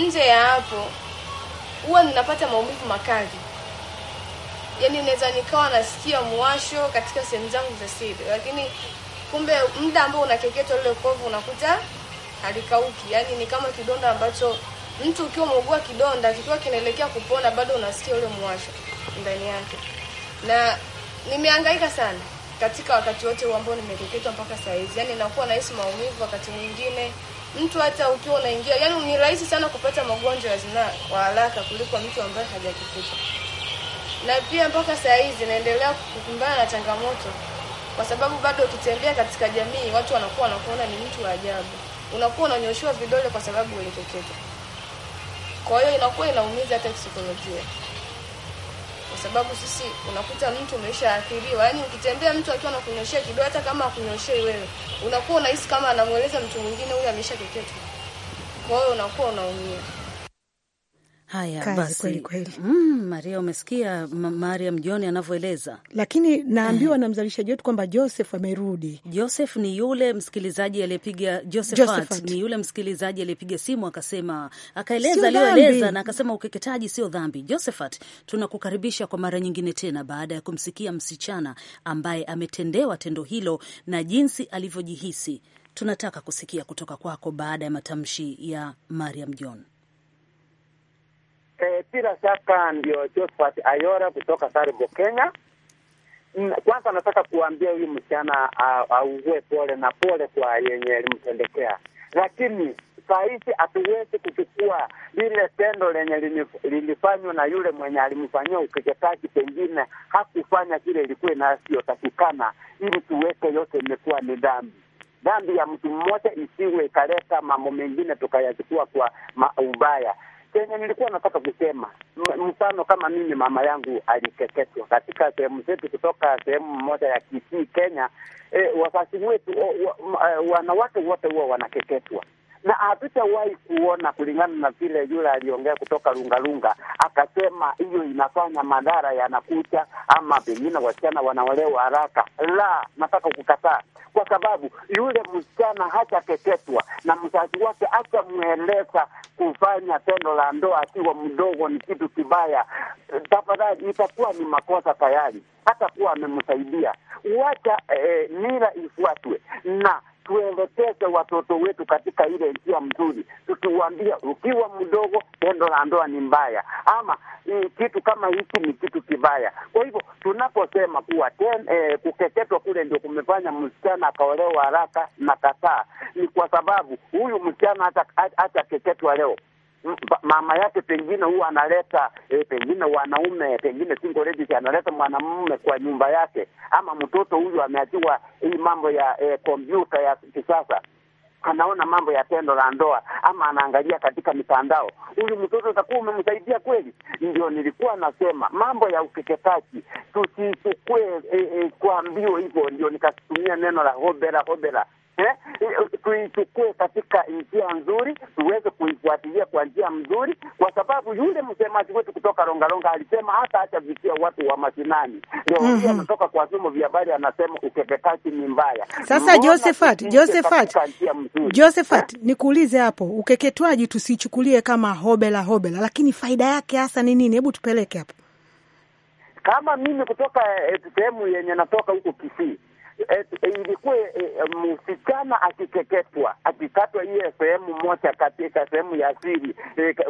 S3: nje ya hapo, huwa ninapata maumivu makali yani naweza nikawa nasikia mwasho katika sehemu zangu za siri, lakini kumbe muda ambao unakeketwa lile kovu unakuta halikauki. Yani ni kama kidonda ambacho mtu ukiwa umeugua kidonda kikiwa kinaelekea kupona bado unasikia ule mwasho ndani yake, na nimehangaika sana katika wakati wote huu ambao nimekeketwa mpaka saa hizi, yani nakuwa nahisi maumivu wakati mwingine mtu hata ukiwa unaingia, yani ni rahisi sana kupata magonjwa ya zinaa kwa haraka kuliko mtu ambaye hajakeketwa na pia mpaka saa hizi naendelea kukumbana na changamoto, kwa sababu bado ukitembea katika jamii watu wanakuwa wanakuona ni mtu wa ajabu, unakuwa unanyoshewa vidole kwa sababu ulikeketa. Kwa hiyo inakuwa inaumiza hata kisaikolojia, kwa sababu sisi unakuta mtu umeshaathiriwa, yaani ukitembea mtu akiwa anakunyoshia kidole, hata kama akunyoshei wewe, unakuwa unahisi kama anamweleza mtu mwingine huyu ameshakeketwa. Kwa hiyo unakuwa unaumia.
S2: Haya basi, kweli kweli. Mm, Maria, umesikia Mariam John anavyoeleza,
S1: lakini naambiwa eh. na mzalishaji wetu kwamba Joseph amerudi.
S2: Joseph ni yule msikilizaji aliyepiga Josephat, ni yule msikilizaji aliyepiga simu akasema, akaeleza aliyoeleza, na akasema ukeketaji sio dhambi. Josephat, tunakukaribisha kwa mara nyingine tena baada ya kumsikia msichana ambaye ametendewa tendo hilo na jinsi alivyojihisi. Tunataka kusikia kutoka kwako baada ya matamshi ya Mariam John.
S7: Eh, bila shaka ndio Josephat Ayora kutoka sarbo Kenya. Mm, kwanza nataka kuambia huyu msichana augue pole na pole kwa yenye alimtendekea, lakini saa hizi hatuwezi kuchukua lile tendo lenye lilifanywa na yule mwenye alimfanyia ukeketaji, pengine hakufanya kile ilikuwa inayotakikana, ili tuweke yote, imekuwa ni dhambi dhambi ya mtu mmoja isiwe ikaleta mambo mengine tukayachukua kwa ma ubaya. Kenya nilikuwa nataka kusema mfano kama mimi mama yangu alikeketwa katika sehemu zetu, kutoka sehemu moja ya Kisii Kenya. E, eh, wazazi wetu eh, wanawake wote huwa wanakeketwa na hatutawahi kuona kulingana na vile yule aliongea kutoka Lungalunga akasema hiyo inafanya madhara yanakucha, ama pengine wasichana wanaolewa haraka. La, nataka kukataa, kwa sababu yule msichana keketwa na mzazi wake, achamweleza kufanya tendo la ndoa akiwa mdogo ni kitu kibaya. Tafadhali, itakuwa ni makosa tayari, kuwa amemsaidia. Wacha eh, nira eh, ifuatwe na tuelekeze watoto wetu katika ile njia mzuri, tukiwaambia ukiwa mdogo tendo la ndoa ni mbaya, ama i, kitu kama hiki ni kitu kibaya. Kwa hivyo tunaposema kuwa e, kukeketwa kule ndio kumefanya msichana akaolewa haraka na kataa, ni kwa sababu huyu msichana hata keketwa leo mama yake pengine huwa analeta e, pengine wanaume pengine single ladies analeta mwanamume kwa nyumba yake, ama mtoto huyu ameachiwa hii mambo ya eh, kompyuta ya kisasa anaona mambo ya tendo la ndoa ama anaangalia katika mitandao, huyu mtoto utakuwa umemsaidia kweli? Ndio nilikuwa nasema mambo ya ukeketaji tusichukue e, e, kwa mbio hivyo. Ndio nikatumia neno la hobela hobela Eh, eh, tuichukue katika njia nzuri, tuweze kuifuatilia kwa njia mzuri, kwa sababu yule msemaji wetu kutoka Longalonga alisema hata acha vitia watu wa mashinani ndio mm -hmm. Anatoka kwa vyombo vya habari anasema ukeketaji ni mbaya. Sasa Josephat, Josephat, Josephat,
S1: eh. nikuulize hapo, ukeketwaji tusichukulie kama hobela hobela, lakini faida yake hasa ni nini? Hebu tupeleke hapo.
S7: Kama mimi kutoka eh, sehemu yenye natoka huko Kisii Eh, ilikuwa eh, eh, msichana akikeketwa akikatwa hiye sehemu moja katika sehemu ya siri,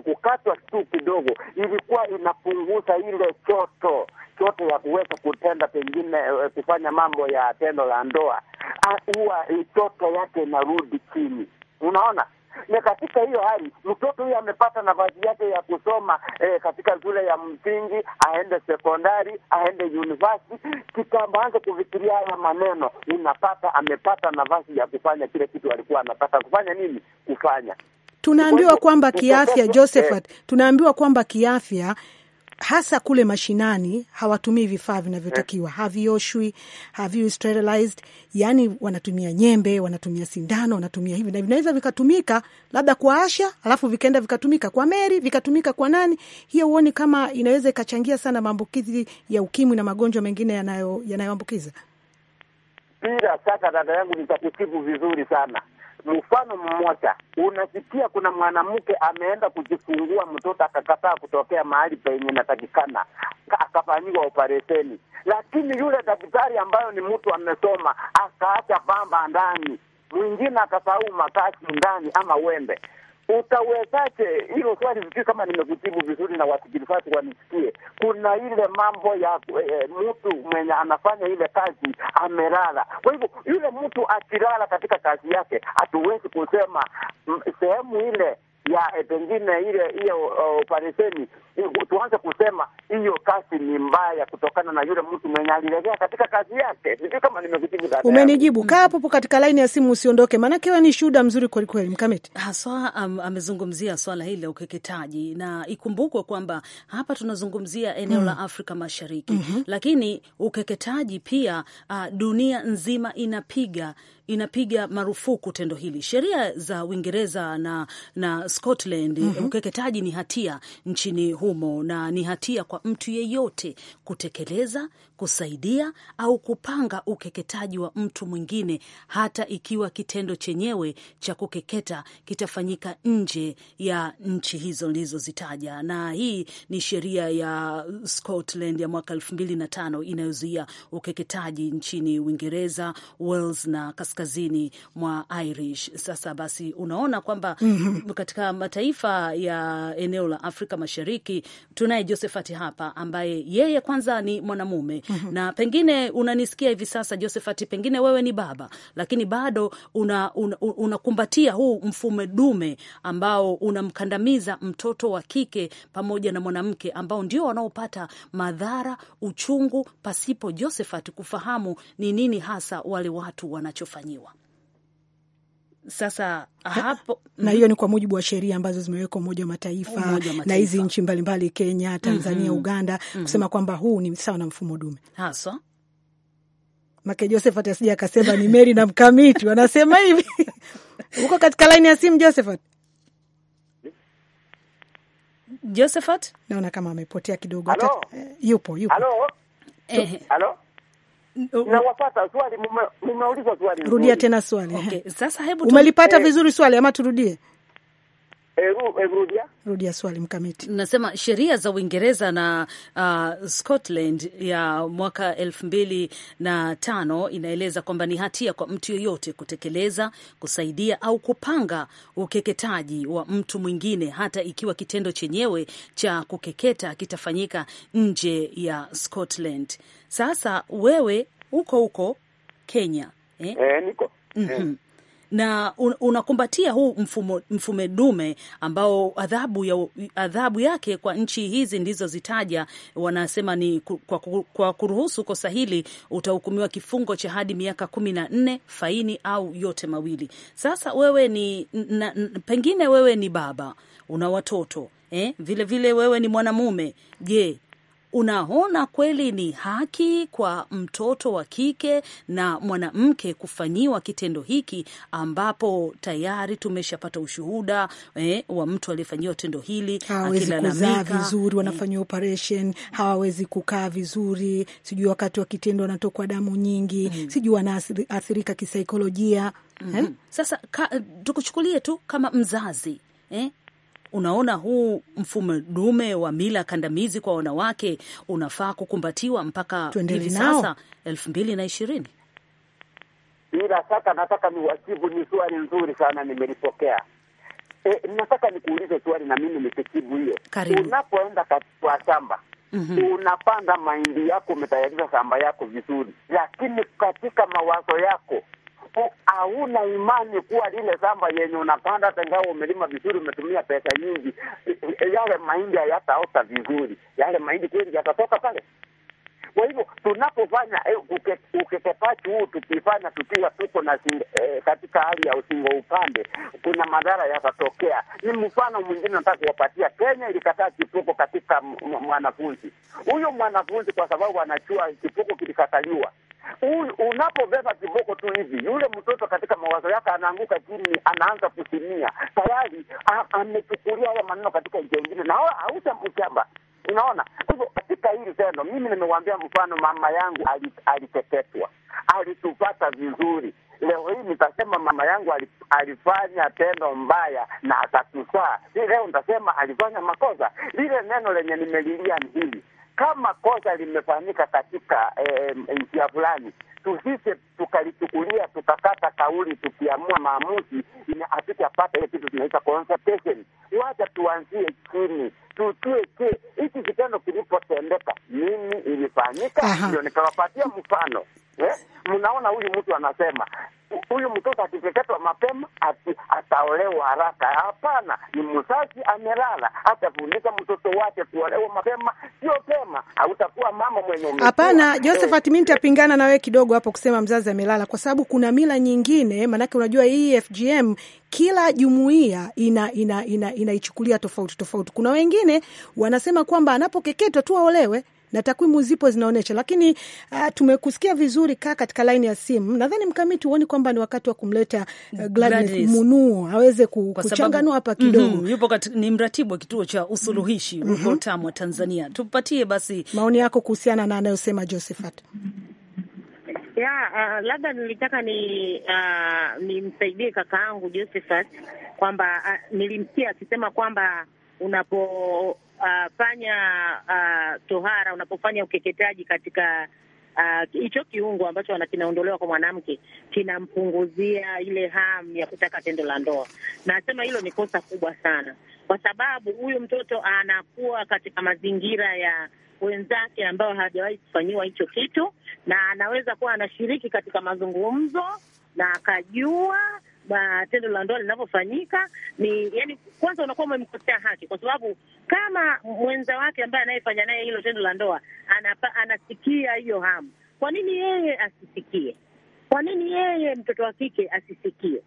S7: kukatwa tu kidogo, ilikuwa inapunguza ile choto choto ya kuweza kutenda pengine kufanya mambo ya tendo la ndoa, ah, huwa choto yake inarudi chini, unaona na katika hiyo hali mtoto huyu amepata nafasi yake ya kusoma eh, katika shule ya msingi, aende sekondari, aende university, kitaanza kufikiria haya maneno. Unapata amepata nafasi ya kufanya kile kitu alikuwa anataka kufanya nini kufanya.
S1: Tunaambiwa kwamba kiafya, eh. Josephat, tunaambiwa kwamba kiafya hasa kule mashinani hawatumii vifaa vinavyotakiwa, havioshwi, havi sterilized, yani wanatumia nyembe, wanatumia sindano, wanatumia hivi na vinaweza vikatumika labda kwa Asha, alafu vikaenda vikatumika kwa Meri, vikatumika kwa nani. Hiyo huoni kama inaweza ikachangia sana maambukizi ya ukimwi na magonjwa mengine yanayoambukiza?
S7: Bila shaka, dada yangu, nitakutibu vizuri sana mfano mmoja, unasikia kuna mwanamke ameenda kujifungua mtoto akakataa kutokea mahali penye inatakikana, akafanyiwa operesheni, lakini yule daktari ambayo ni mtu amesoma akaacha pamba ndani, mwingine akasahau makasi ndani ama wembe Utawezaje hilo swali vizuri? Kama nimekujibu vizuri na wasikilizaji wanisikie, kuna ile mambo ya e, mtu mwenye anafanya ile kazi amelala. Kwa hivyo yule mtu akilala katika kazi yake, hatuwezi kusema sehemu ile ya eh, pengine ile hiyo eh, operesheni uh, tuanze kusema hiyo kazi ni mbaya kutokana
S2: na yule mtu mwenye alilegea katika kazi yake. Sijui kama nimekujibu. Umenijibu.
S1: Kaa hapo katika laini ya simu, usiondoke, maanake wewe ni shuhuda mzuri kwelikweli. Mkamiti
S2: haswa am, amezungumzia swala hili la ukeketaji, na ikumbukwe kwamba hapa tunazungumzia eneo mm. la Afrika Mashariki mm -hmm. lakini ukeketaji pia uh, dunia nzima inapiga inapiga marufuku tendo hili. Sheria za Uingereza na na Scotland mm -hmm. Ukeketaji ni hatia nchini humo na ni hatia kwa mtu yeyote kutekeleza kusaidia au kupanga ukeketaji wa mtu mwingine, hata ikiwa kitendo chenyewe cha kukeketa kitafanyika nje ya nchi hizo nilizozitaja. Na hii ni sheria ya Scotland ya mwaka elfu mbili na tano inayozuia ukeketaji nchini Uingereza, Wales na kaskazini mwa Irish. Sasa basi, unaona kwamba mhm. katika mataifa ya eneo la Afrika Mashariki tunaye Josephat hapa ambaye yeye kwanza ni mwanamume Mhm. na pengine unanisikia hivi sasa Josephat, pengine wewe ni baba lakini bado unakumbatia una, una huu mfumo dume ambao unamkandamiza mtoto wa kike pamoja na mwanamke ambao ndio wanaopata madhara, uchungu pasipo Josephat kufahamu ni nini hasa wale watu wanachofanyiwa. Sasa hapo
S1: na mm-hmm. hiyo ni kwa mujibu wa sheria ambazo zimewekwa Umoja wa Mataifa, na hizi nchi mbalimbali Kenya, mm-hmm. Tanzania, mm -hmm. Uganda mm -hmm. kusema kwamba huu ni sawa na mfumo dume haswa make Josephat asija akasema ni Meri na mkamiti wanasema hivi (laughs) uko katika laini ya simu Josephat. Josephat naona kama amepotea kidogo. Eh, yupo yupo. Halo. Eh.
S7: Halo nawapata swali, nimeulizwa swali. Rudia tena swali.
S1: Okay. Sasa hebu umelipata vizuri swali ama turudie?
S2: rudia swali mkamiti. Nasema sheria za Uingereza na uh, Scotland ya mwaka elfu mbili na tano inaeleza kwamba ni hatia kwa mtu yoyote kutekeleza, kusaidia au kupanga ukeketaji wa mtu mwingine, hata ikiwa kitendo chenyewe cha kukeketa kitafanyika nje ya Scotland. Sasa wewe uko huko Kenya
S7: eh? eh niko
S2: mm -hmm. e na un, unakumbatia huu mfumo, mfume dume ambao adhabu, ya, adhabu yake kwa nchi hizi ndizo zitaja, wanasema ni kwa, kwa kuruhusu kosa hili utahukumiwa kifungo cha hadi miaka kumi na nne faini au yote mawili. Sasa wewe ni na, pengine wewe ni baba una watoto eh? Vilevile wewe ni mwanamume. Je, Unaona, kweli ni haki kwa mtoto wa kike na mwanamke kufanyiwa kitendo hiki, ambapo tayari tumeshapata ushuhuda eh, wa mtu aliyefanyiwa tendo hili kuzaa vizuri, mm. wanafanyiwa
S1: operation, hawawezi kukaa vizuri, sijui wakati wa kitendo wanatokwa damu nyingi, mm -hmm. sijui wanaathirika kisaikolojia
S2: mm -hmm. eh? Sasa tukuchukulie tu kama mzazi Eh, unaona huu mfumo dume wa mila kandamizi kwa wanawake unafaa kukumbatiwa mpaka hivi sasa elfu mbili na ishirini? Bila shaka nataka
S7: niwajibu, ni swali nzuri sana, nimelipokea. E, nataka nikuulize swali na mimi nitikibu hiyo. Unapoenda kwa shamba mm -hmm. unapanda mahindi yako, umetayarisha shamba yako vizuri, lakini katika mawazo yako hauna imani kuwa lile shamba yenye unapanda, tangawa umelima vizuri, umetumia pesa nyingi, yale mahindi hayataota vizuri, yale mahindi kweli yatatoka pale? Kwa hivyo tunapofanya eh, ukekepachi huu, tukifanya tukiwa tuko na eh, katika hali ya usingo upande, kuna madhara yatatokea. Ni mfano mwingine nataka kuwapatia. Kenya ilikataa kipuko katika mwanafunzi huyo, mwanafunzi kwa sababu anachua kipuko kilikataliwa Unapobeba kiboko tu hivi, yule mtoto katika mawazo yake anaanguka chini, anaanza kusimia tayari, amechukulia haya maneno katika njia ingine, na hautamchamba. Unaona, kwa hivyo katika hili tendo, mimi nimewambia mfano, mama yangu aliteketwa, alitupata vizuri. Leo hii nitasema mama yangu alifanya tendo mbaya na akatusaa. Hii leo nitasema alifanya makosa. Lile neno lenye nimelilia ni hili kama kosa limefanyika katika eh, njia nchi ya fulani tusise tukalichukulia tukakata kauli tukiamua maamuzi hatutapata ile kitu tunaita consultation. Wacha tuanzie chini, tujue, je, hiki kitendo kilipotendeka nini ilifanyika, ndio nikawapatia mfano. Eh? Mnaona huyu mtu anasema huyu mtoto akikeketwa mapema ati, ataolewa haraka. Hapana, ni mzazi amelala, atafundisha mtoto wake kuolewa mapema sio pema, hautakuwa mama mwenye. Hapana, eh. Josephat,
S1: mi nitapingana nawe kidogo hapo kusema mzazi amelala, kwa sababu kuna mila nyingine, maanake unajua hii FGM kila jumuiya ina inaichukulia ina, ina tofauti tofauti. Kuna wengine wanasema kwamba anapokeketwa tu aolewe na takwimu zipo zinaonyesha, lakini uh, tumekusikia vizuri kaa katika laini ya simu. Nadhani mkamiti huoni kwamba ni wakati wa kumleta uh, eh, Gladness
S2: Munuo aweze kuchanganua hapa kidogo. mm -hmm, yupo kat, ni mratibu wa kituo cha usuluhishi mm -hmm. huko Tamwa, Tanzania. Tupatie basi
S1: maoni yako kuhusiana na anayosema Josephat.
S2: Ya, uh, labda nilitaka ni uh,
S8: nimsaidie kakaangu Josephat kwamba uh, nilimsikia akisema kwamba unapo unapofanya uh, uh, tohara, unapofanya ukeketaji katika uh, hicho uh, kiungo ambacho kinaondolewa kwa mwanamke kinampunguzia ile hamu ya kutaka tendo la ndoa. Nasema hilo ni kosa kubwa sana, kwa sababu huyu mtoto anakuwa katika mazingira ya wenzake ambao hawajawahi kufanyiwa hicho kitu, na anaweza kuwa anashiriki katika mazungumzo na akajua uh, tendo la ndoa linavyofanyika ni yani, kwanza unakuwa umemkosea haki, kwa sababu kama mwenza wake ambaye anayefanya naye hilo tendo la ndoa anapa, anasikia hiyo hamu, kwa nini yeye asisikie? Kwa nini yeye mtoto wa kike asisikie?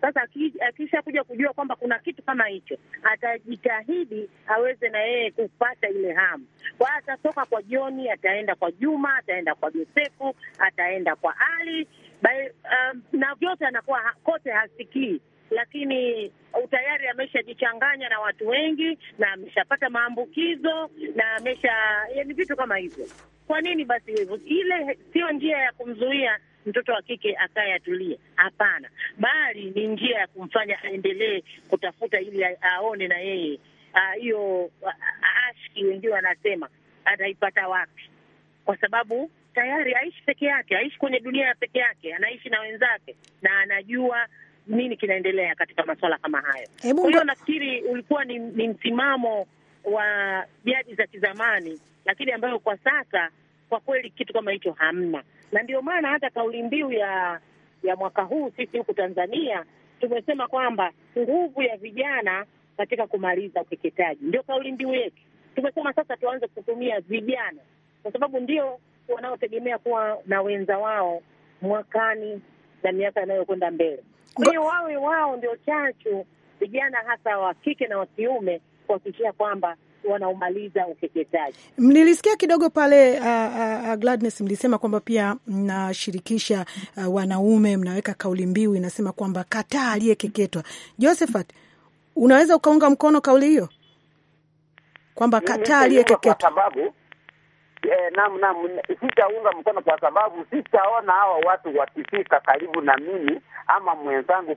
S8: Sasa akisha kuja kujua kwamba kuna kitu kama hicho, atajitahidi aweze na yeye kupata ile hamu. Kwa atatoka kwa Joni, ataenda kwa Juma, ataenda kwa Josefu, ataenda kwa Ali um, na vyote anakuwa ha, kote hasikii, lakini utayari ameshajichanganya na watu wengi na ameshapata maambukizo na amesha, yani vitu kama hivyo. Kwa nini basi hivyo? Ile sio njia ya kumzuia mtoto wa kike akaye atulie, hapana, bali ni njia ya kumfanya aendelee kutafuta ili aone na yeye hiyo ashki, wengi wanasema ataipata wapi, kwa sababu tayari aishi peke yake, aishi kwenye dunia ya peke yake, anaishi na wenzake na anajua nini kinaendelea katika masuala kama hayo. Kwa hiyo nafikiri ulikuwa ni, ni msimamo wa jadi za kizamani, lakini ambayo kwa sasa kwa kweli kitu kama hicho hamna, na ndio maana hata kauli mbiu ya ya mwaka huu sisi huku Tanzania tumesema kwamba nguvu ya vijana katika kumaliza ukeketaji ndio kauli mbiu yetu. Tumesema sasa tuanze kutumia vijana, kwa sababu ndio wanaotegemea kuwa na wenza wao mwakani na miaka inayokwenda mbele. Kwa hiyo wawe wao ndio chachu, vijana hasa wa kike na wa kiume, kuhakikisha kwamba wanaomaliza ukeketaji.
S1: Nilisikia kidogo pale uh, uh, uh, Gladness, mlisema kwamba pia mnashirikisha uh, wanaume, mnaweka kauli mbiu inasema kwamba kataa aliyekeketwa. Josephat, unaweza ukaunga mkono kauli hiyo kwamba kataa aliyekeketwa? Kwa sababu
S7: eh, nam sitaunga mkono kwa sababu sitaona hawa watu wakifika karibu na mimi ama mwenzangu,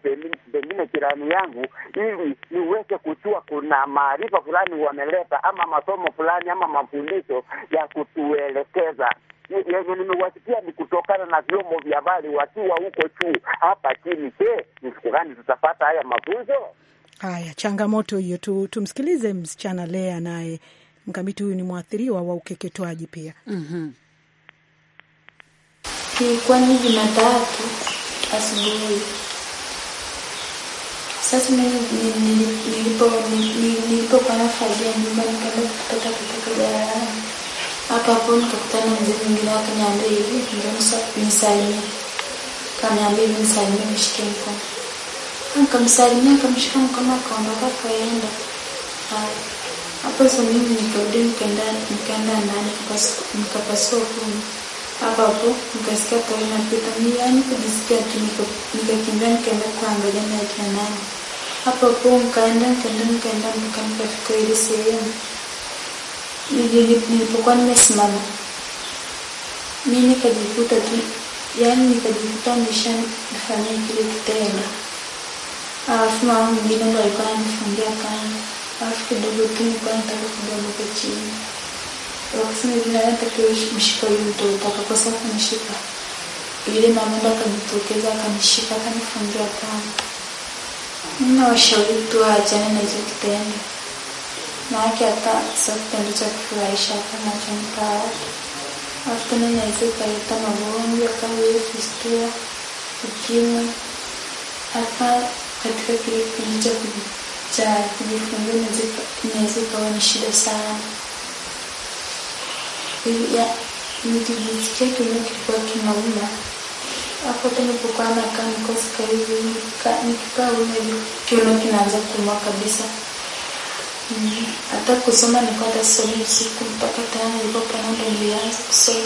S7: pengine jirani yangu, ili niweze kujua kuna maarifa fulani wameleta ama masomo fulani ama mafundisho ya kutuelekeza yenye nimewasikia ni kutokana na vyombo vya habari wakiwa huko juu hapa chini. Je, ni siku gani tutapata haya mafunzo
S1: haya? Changamoto hiyo tu. Tumsikilize msichana Lea naye Mkamiti huyu ni mwathiriwa wa ukeketwaji pia. mm
S9: -hmm. ni Jumatatu asubuhi. Sasa nilipokuwa nafagia nyumba, nikaenda kupata kutoka darani, hapo hapo nikakutana mzee mwingine, akaniambia hivi, ndio nisalimie, kaniambia hivi, nisalimie, nishike mkono. Nikamsalimia, akamshika mkono, akaondoka, akaenda. Hapo mimi nikarudi nikaenda ndani nikapasua kuni. Hapo hapo nikasikia tawi napita niliani kujisikia tu nikakimbia nikaenda kuangalia ni akina nani. Hapo hapo nikaenda nikaenda nikaenda nikafika ile sehemu nilipokuwa nimesimama. Mi nikajikuta tu yaani nikajikuta nishanifanyia kile kitendo. Alafu mama mwingine ndo alikuwa ananifungia kanga acho que do último canto do Betinho. Eu acho que não é vinha que eu mexico me escolhi do toca com essa canchica. Ele não mamando a que que que a é canitokeza akanishika akanifungia kamba. que tu waachane na hicho kitendo, maanake hata sio kitendo cha kufurahisha akanachompa watu. é tena inaweza ikaleta magonjwa kama vile fistula, ukimwi, hata katika que kipindi cha kujifungua cha kujifungua inaweza ikawa ni shida sana ya nikijisikia kiuno kilikuwa kinauma hapo tenipokuwa nakaa nikosika hivi nikikaa hivi kiuno kinaanza kuuma kabisa hata kusoma nilikuwa tasomi usiku mpaka tayari nilikuwa panaenda nilianza kusoma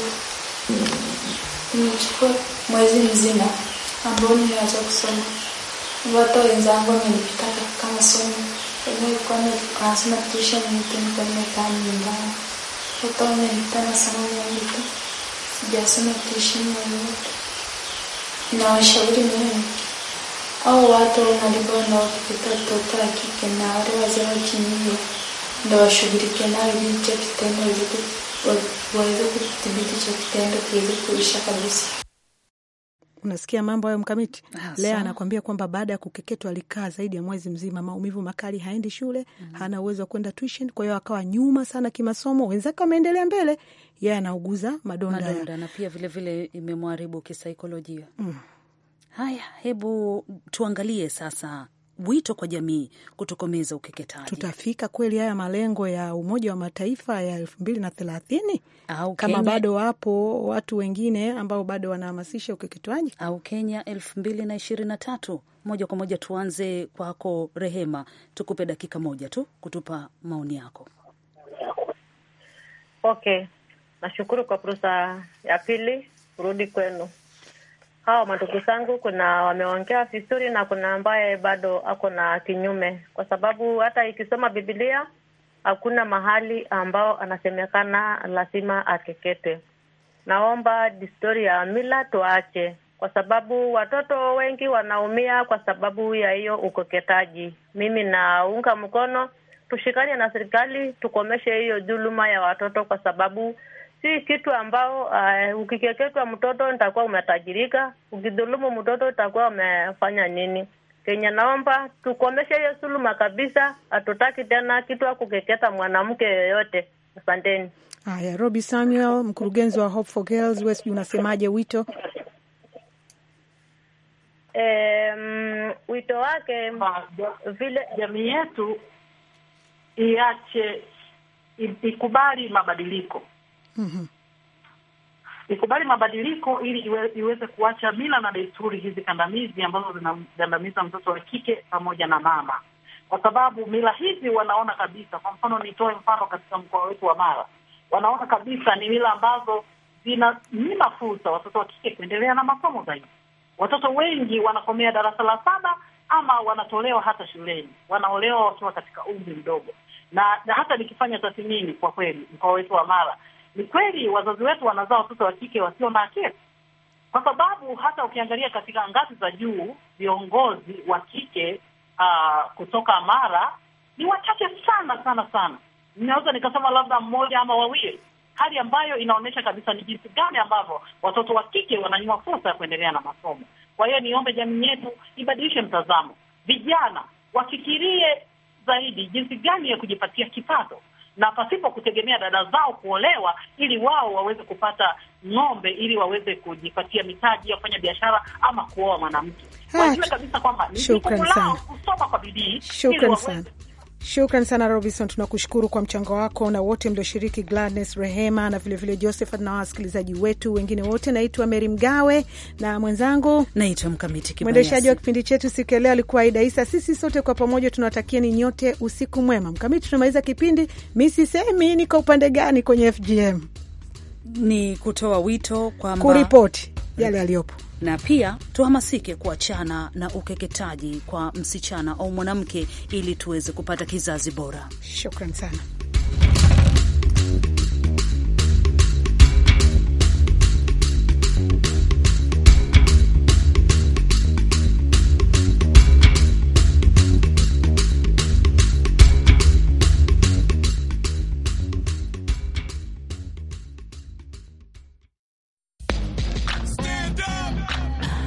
S9: nimechukua mwezi mzima ambao nilianza kusoma Watu wenzangu wamelipita kama somo. Eneo ilikuwa anasema kisha mtu nilikuwa nimekaa nyumbani. Watu wamelipita na sanamu yangu tu. Sijasema tuishi na Na washauri mimi. Au watu wanalipo na wakipita mtoto wa na wale wazee wa kimila ndio nayo ili hicho kitendo waweze kuthibitisha
S1: kitendo kiweze kuisha kabisa unasikia mambo hayo mkamiti. Lea anakwambia kwamba baada ya kukeketwa alikaa zaidi ya mwezi mzima, maumivu makali, haendi shule mm -hmm. hana uwezo wa kwenda tuition, kwa hiyo akawa nyuma sana kimasomo, wenzake wameendelea mbele, yeye anauguza madonda, madonda
S2: na pia vilevile imemwharibu kisaikolojia mm. Haya, hebu tuangalie sasa wito kwa jamii kutokomeza ukeketaji.
S1: Tutafika kweli haya malengo ya Umoja wa Mataifa ya elfu mbili na thelathini au kama Kenya? Bado wapo
S2: watu wengine ambao bado wanahamasisha ukeketaji au Kenya elfu mbili na ishirini na tatu. Moja kwa moja tuanze kwako Rehema, tukupe dakika moja tu kutupa maoni yako.
S4: Okay, nashukuru kwa fursa ya pili kurudi kwenu hawa mandugu zangu, kuna wameongea vizuri na kuna ambaye bado ako na kinyume, kwa sababu hata ikisoma bibilia hakuna mahali ambao anasemekana lazima akekete. Naomba distori ya mila tuache, kwa sababu watoto wengi wanaumia kwa sababu ya hiyo ukeketaji. Mimi naunga mkono, tushikane na serikali tukomeshe hiyo dhuluma ya watoto, kwa sababu si kitu ambao, uh, ukikeketwa mtoto nitakuwa umetajirika, ukidhulumu mtoto utakuwa umefanya nini? Kenya, naomba tukomeshe hiyo suluma kabisa. Hatutaki tena kitu ya kukeketa mwanamke yoyote. Asanteni.
S1: Haya, Robi Samuel, mkurugenzi wa Hope for Girls unasemaje wito?
S4: Um,
S6: wito wake ha, ah, vile jamii yetu iache ikubali mabadiliko mm-hmm. Ikubali mabadiliko ili iwe, iweze kuacha mila na desturi hizi kandamizi ambazo zinagandamiza mtoto wa kike pamoja na mama, kwa sababu mila hizi wanaona kabisa. Kwa mfano, nitoe mfano katika mkoa wetu wa Mara, wanaona kabisa ni mila ambazo zinanyima fursa watoto wa kike kuendelea na masomo zaidi. Watoto wengi wanakomea darasa la saba ama wanatolewa hata shuleni, wanaolewa wakiwa katika umri mdogo. Na, na hata nikifanya tathmini, kwa kweli mkoa wetu wa Mara ni kweli wazazi wetu wanazaa watoto wa kike wasio na akili, kwa sababu hata ukiangalia katika ngazi za juu viongozi wa kike uh, kutoka Mara ni wachache sana sana sana, ninaweza nikasema labda mmoja ama wawili, hali ambayo inaonyesha kabisa ni jinsi gani ambavyo watoto wa kike wananyua fursa ya kuendelea na masomo. Kwa hiyo niombe jamii yetu ibadilishe mtazamo, vijana wafikirie zaidi jinsi gani ya kujipatia kipato na pasipo kutegemea dada zao kuolewa ili wao waweze kupata ng'ombe ili waweze kujipatia mitaji ya kufanya biashara ama kuoa mwanamke. Ah, Wajue kabisa
S1: kwamba ni jukumu lao kusoma kwa bidii ili waweze Shukran sana Robinson, tunakushukuru kwa mchango wako na wote mlioshiriki, Gladness Rehema na vilevile Joseph na wasikilizaji wetu wengine wote. Naitwa Meri Mgawe na mwenzangu
S2: naitwa Mkamiti Kibayasi. Mwendeshaji wa
S1: kipindi chetu siku ya leo alikuwa Aida Isa. Sisi sote kwa pamoja tunawatakia ni nyote usiku mwema. Mkamiti, tunamaliza kipindi, mi sisemi niko upande gani kwenye FGM,
S2: ni kutoa wito kwamba
S1: kuripoti yale yaliyopo,
S2: na pia tuhamasike kuachana na ukeketaji kwa msichana au mwanamke ili tuweze kupata kizazi bora. Shukran sana.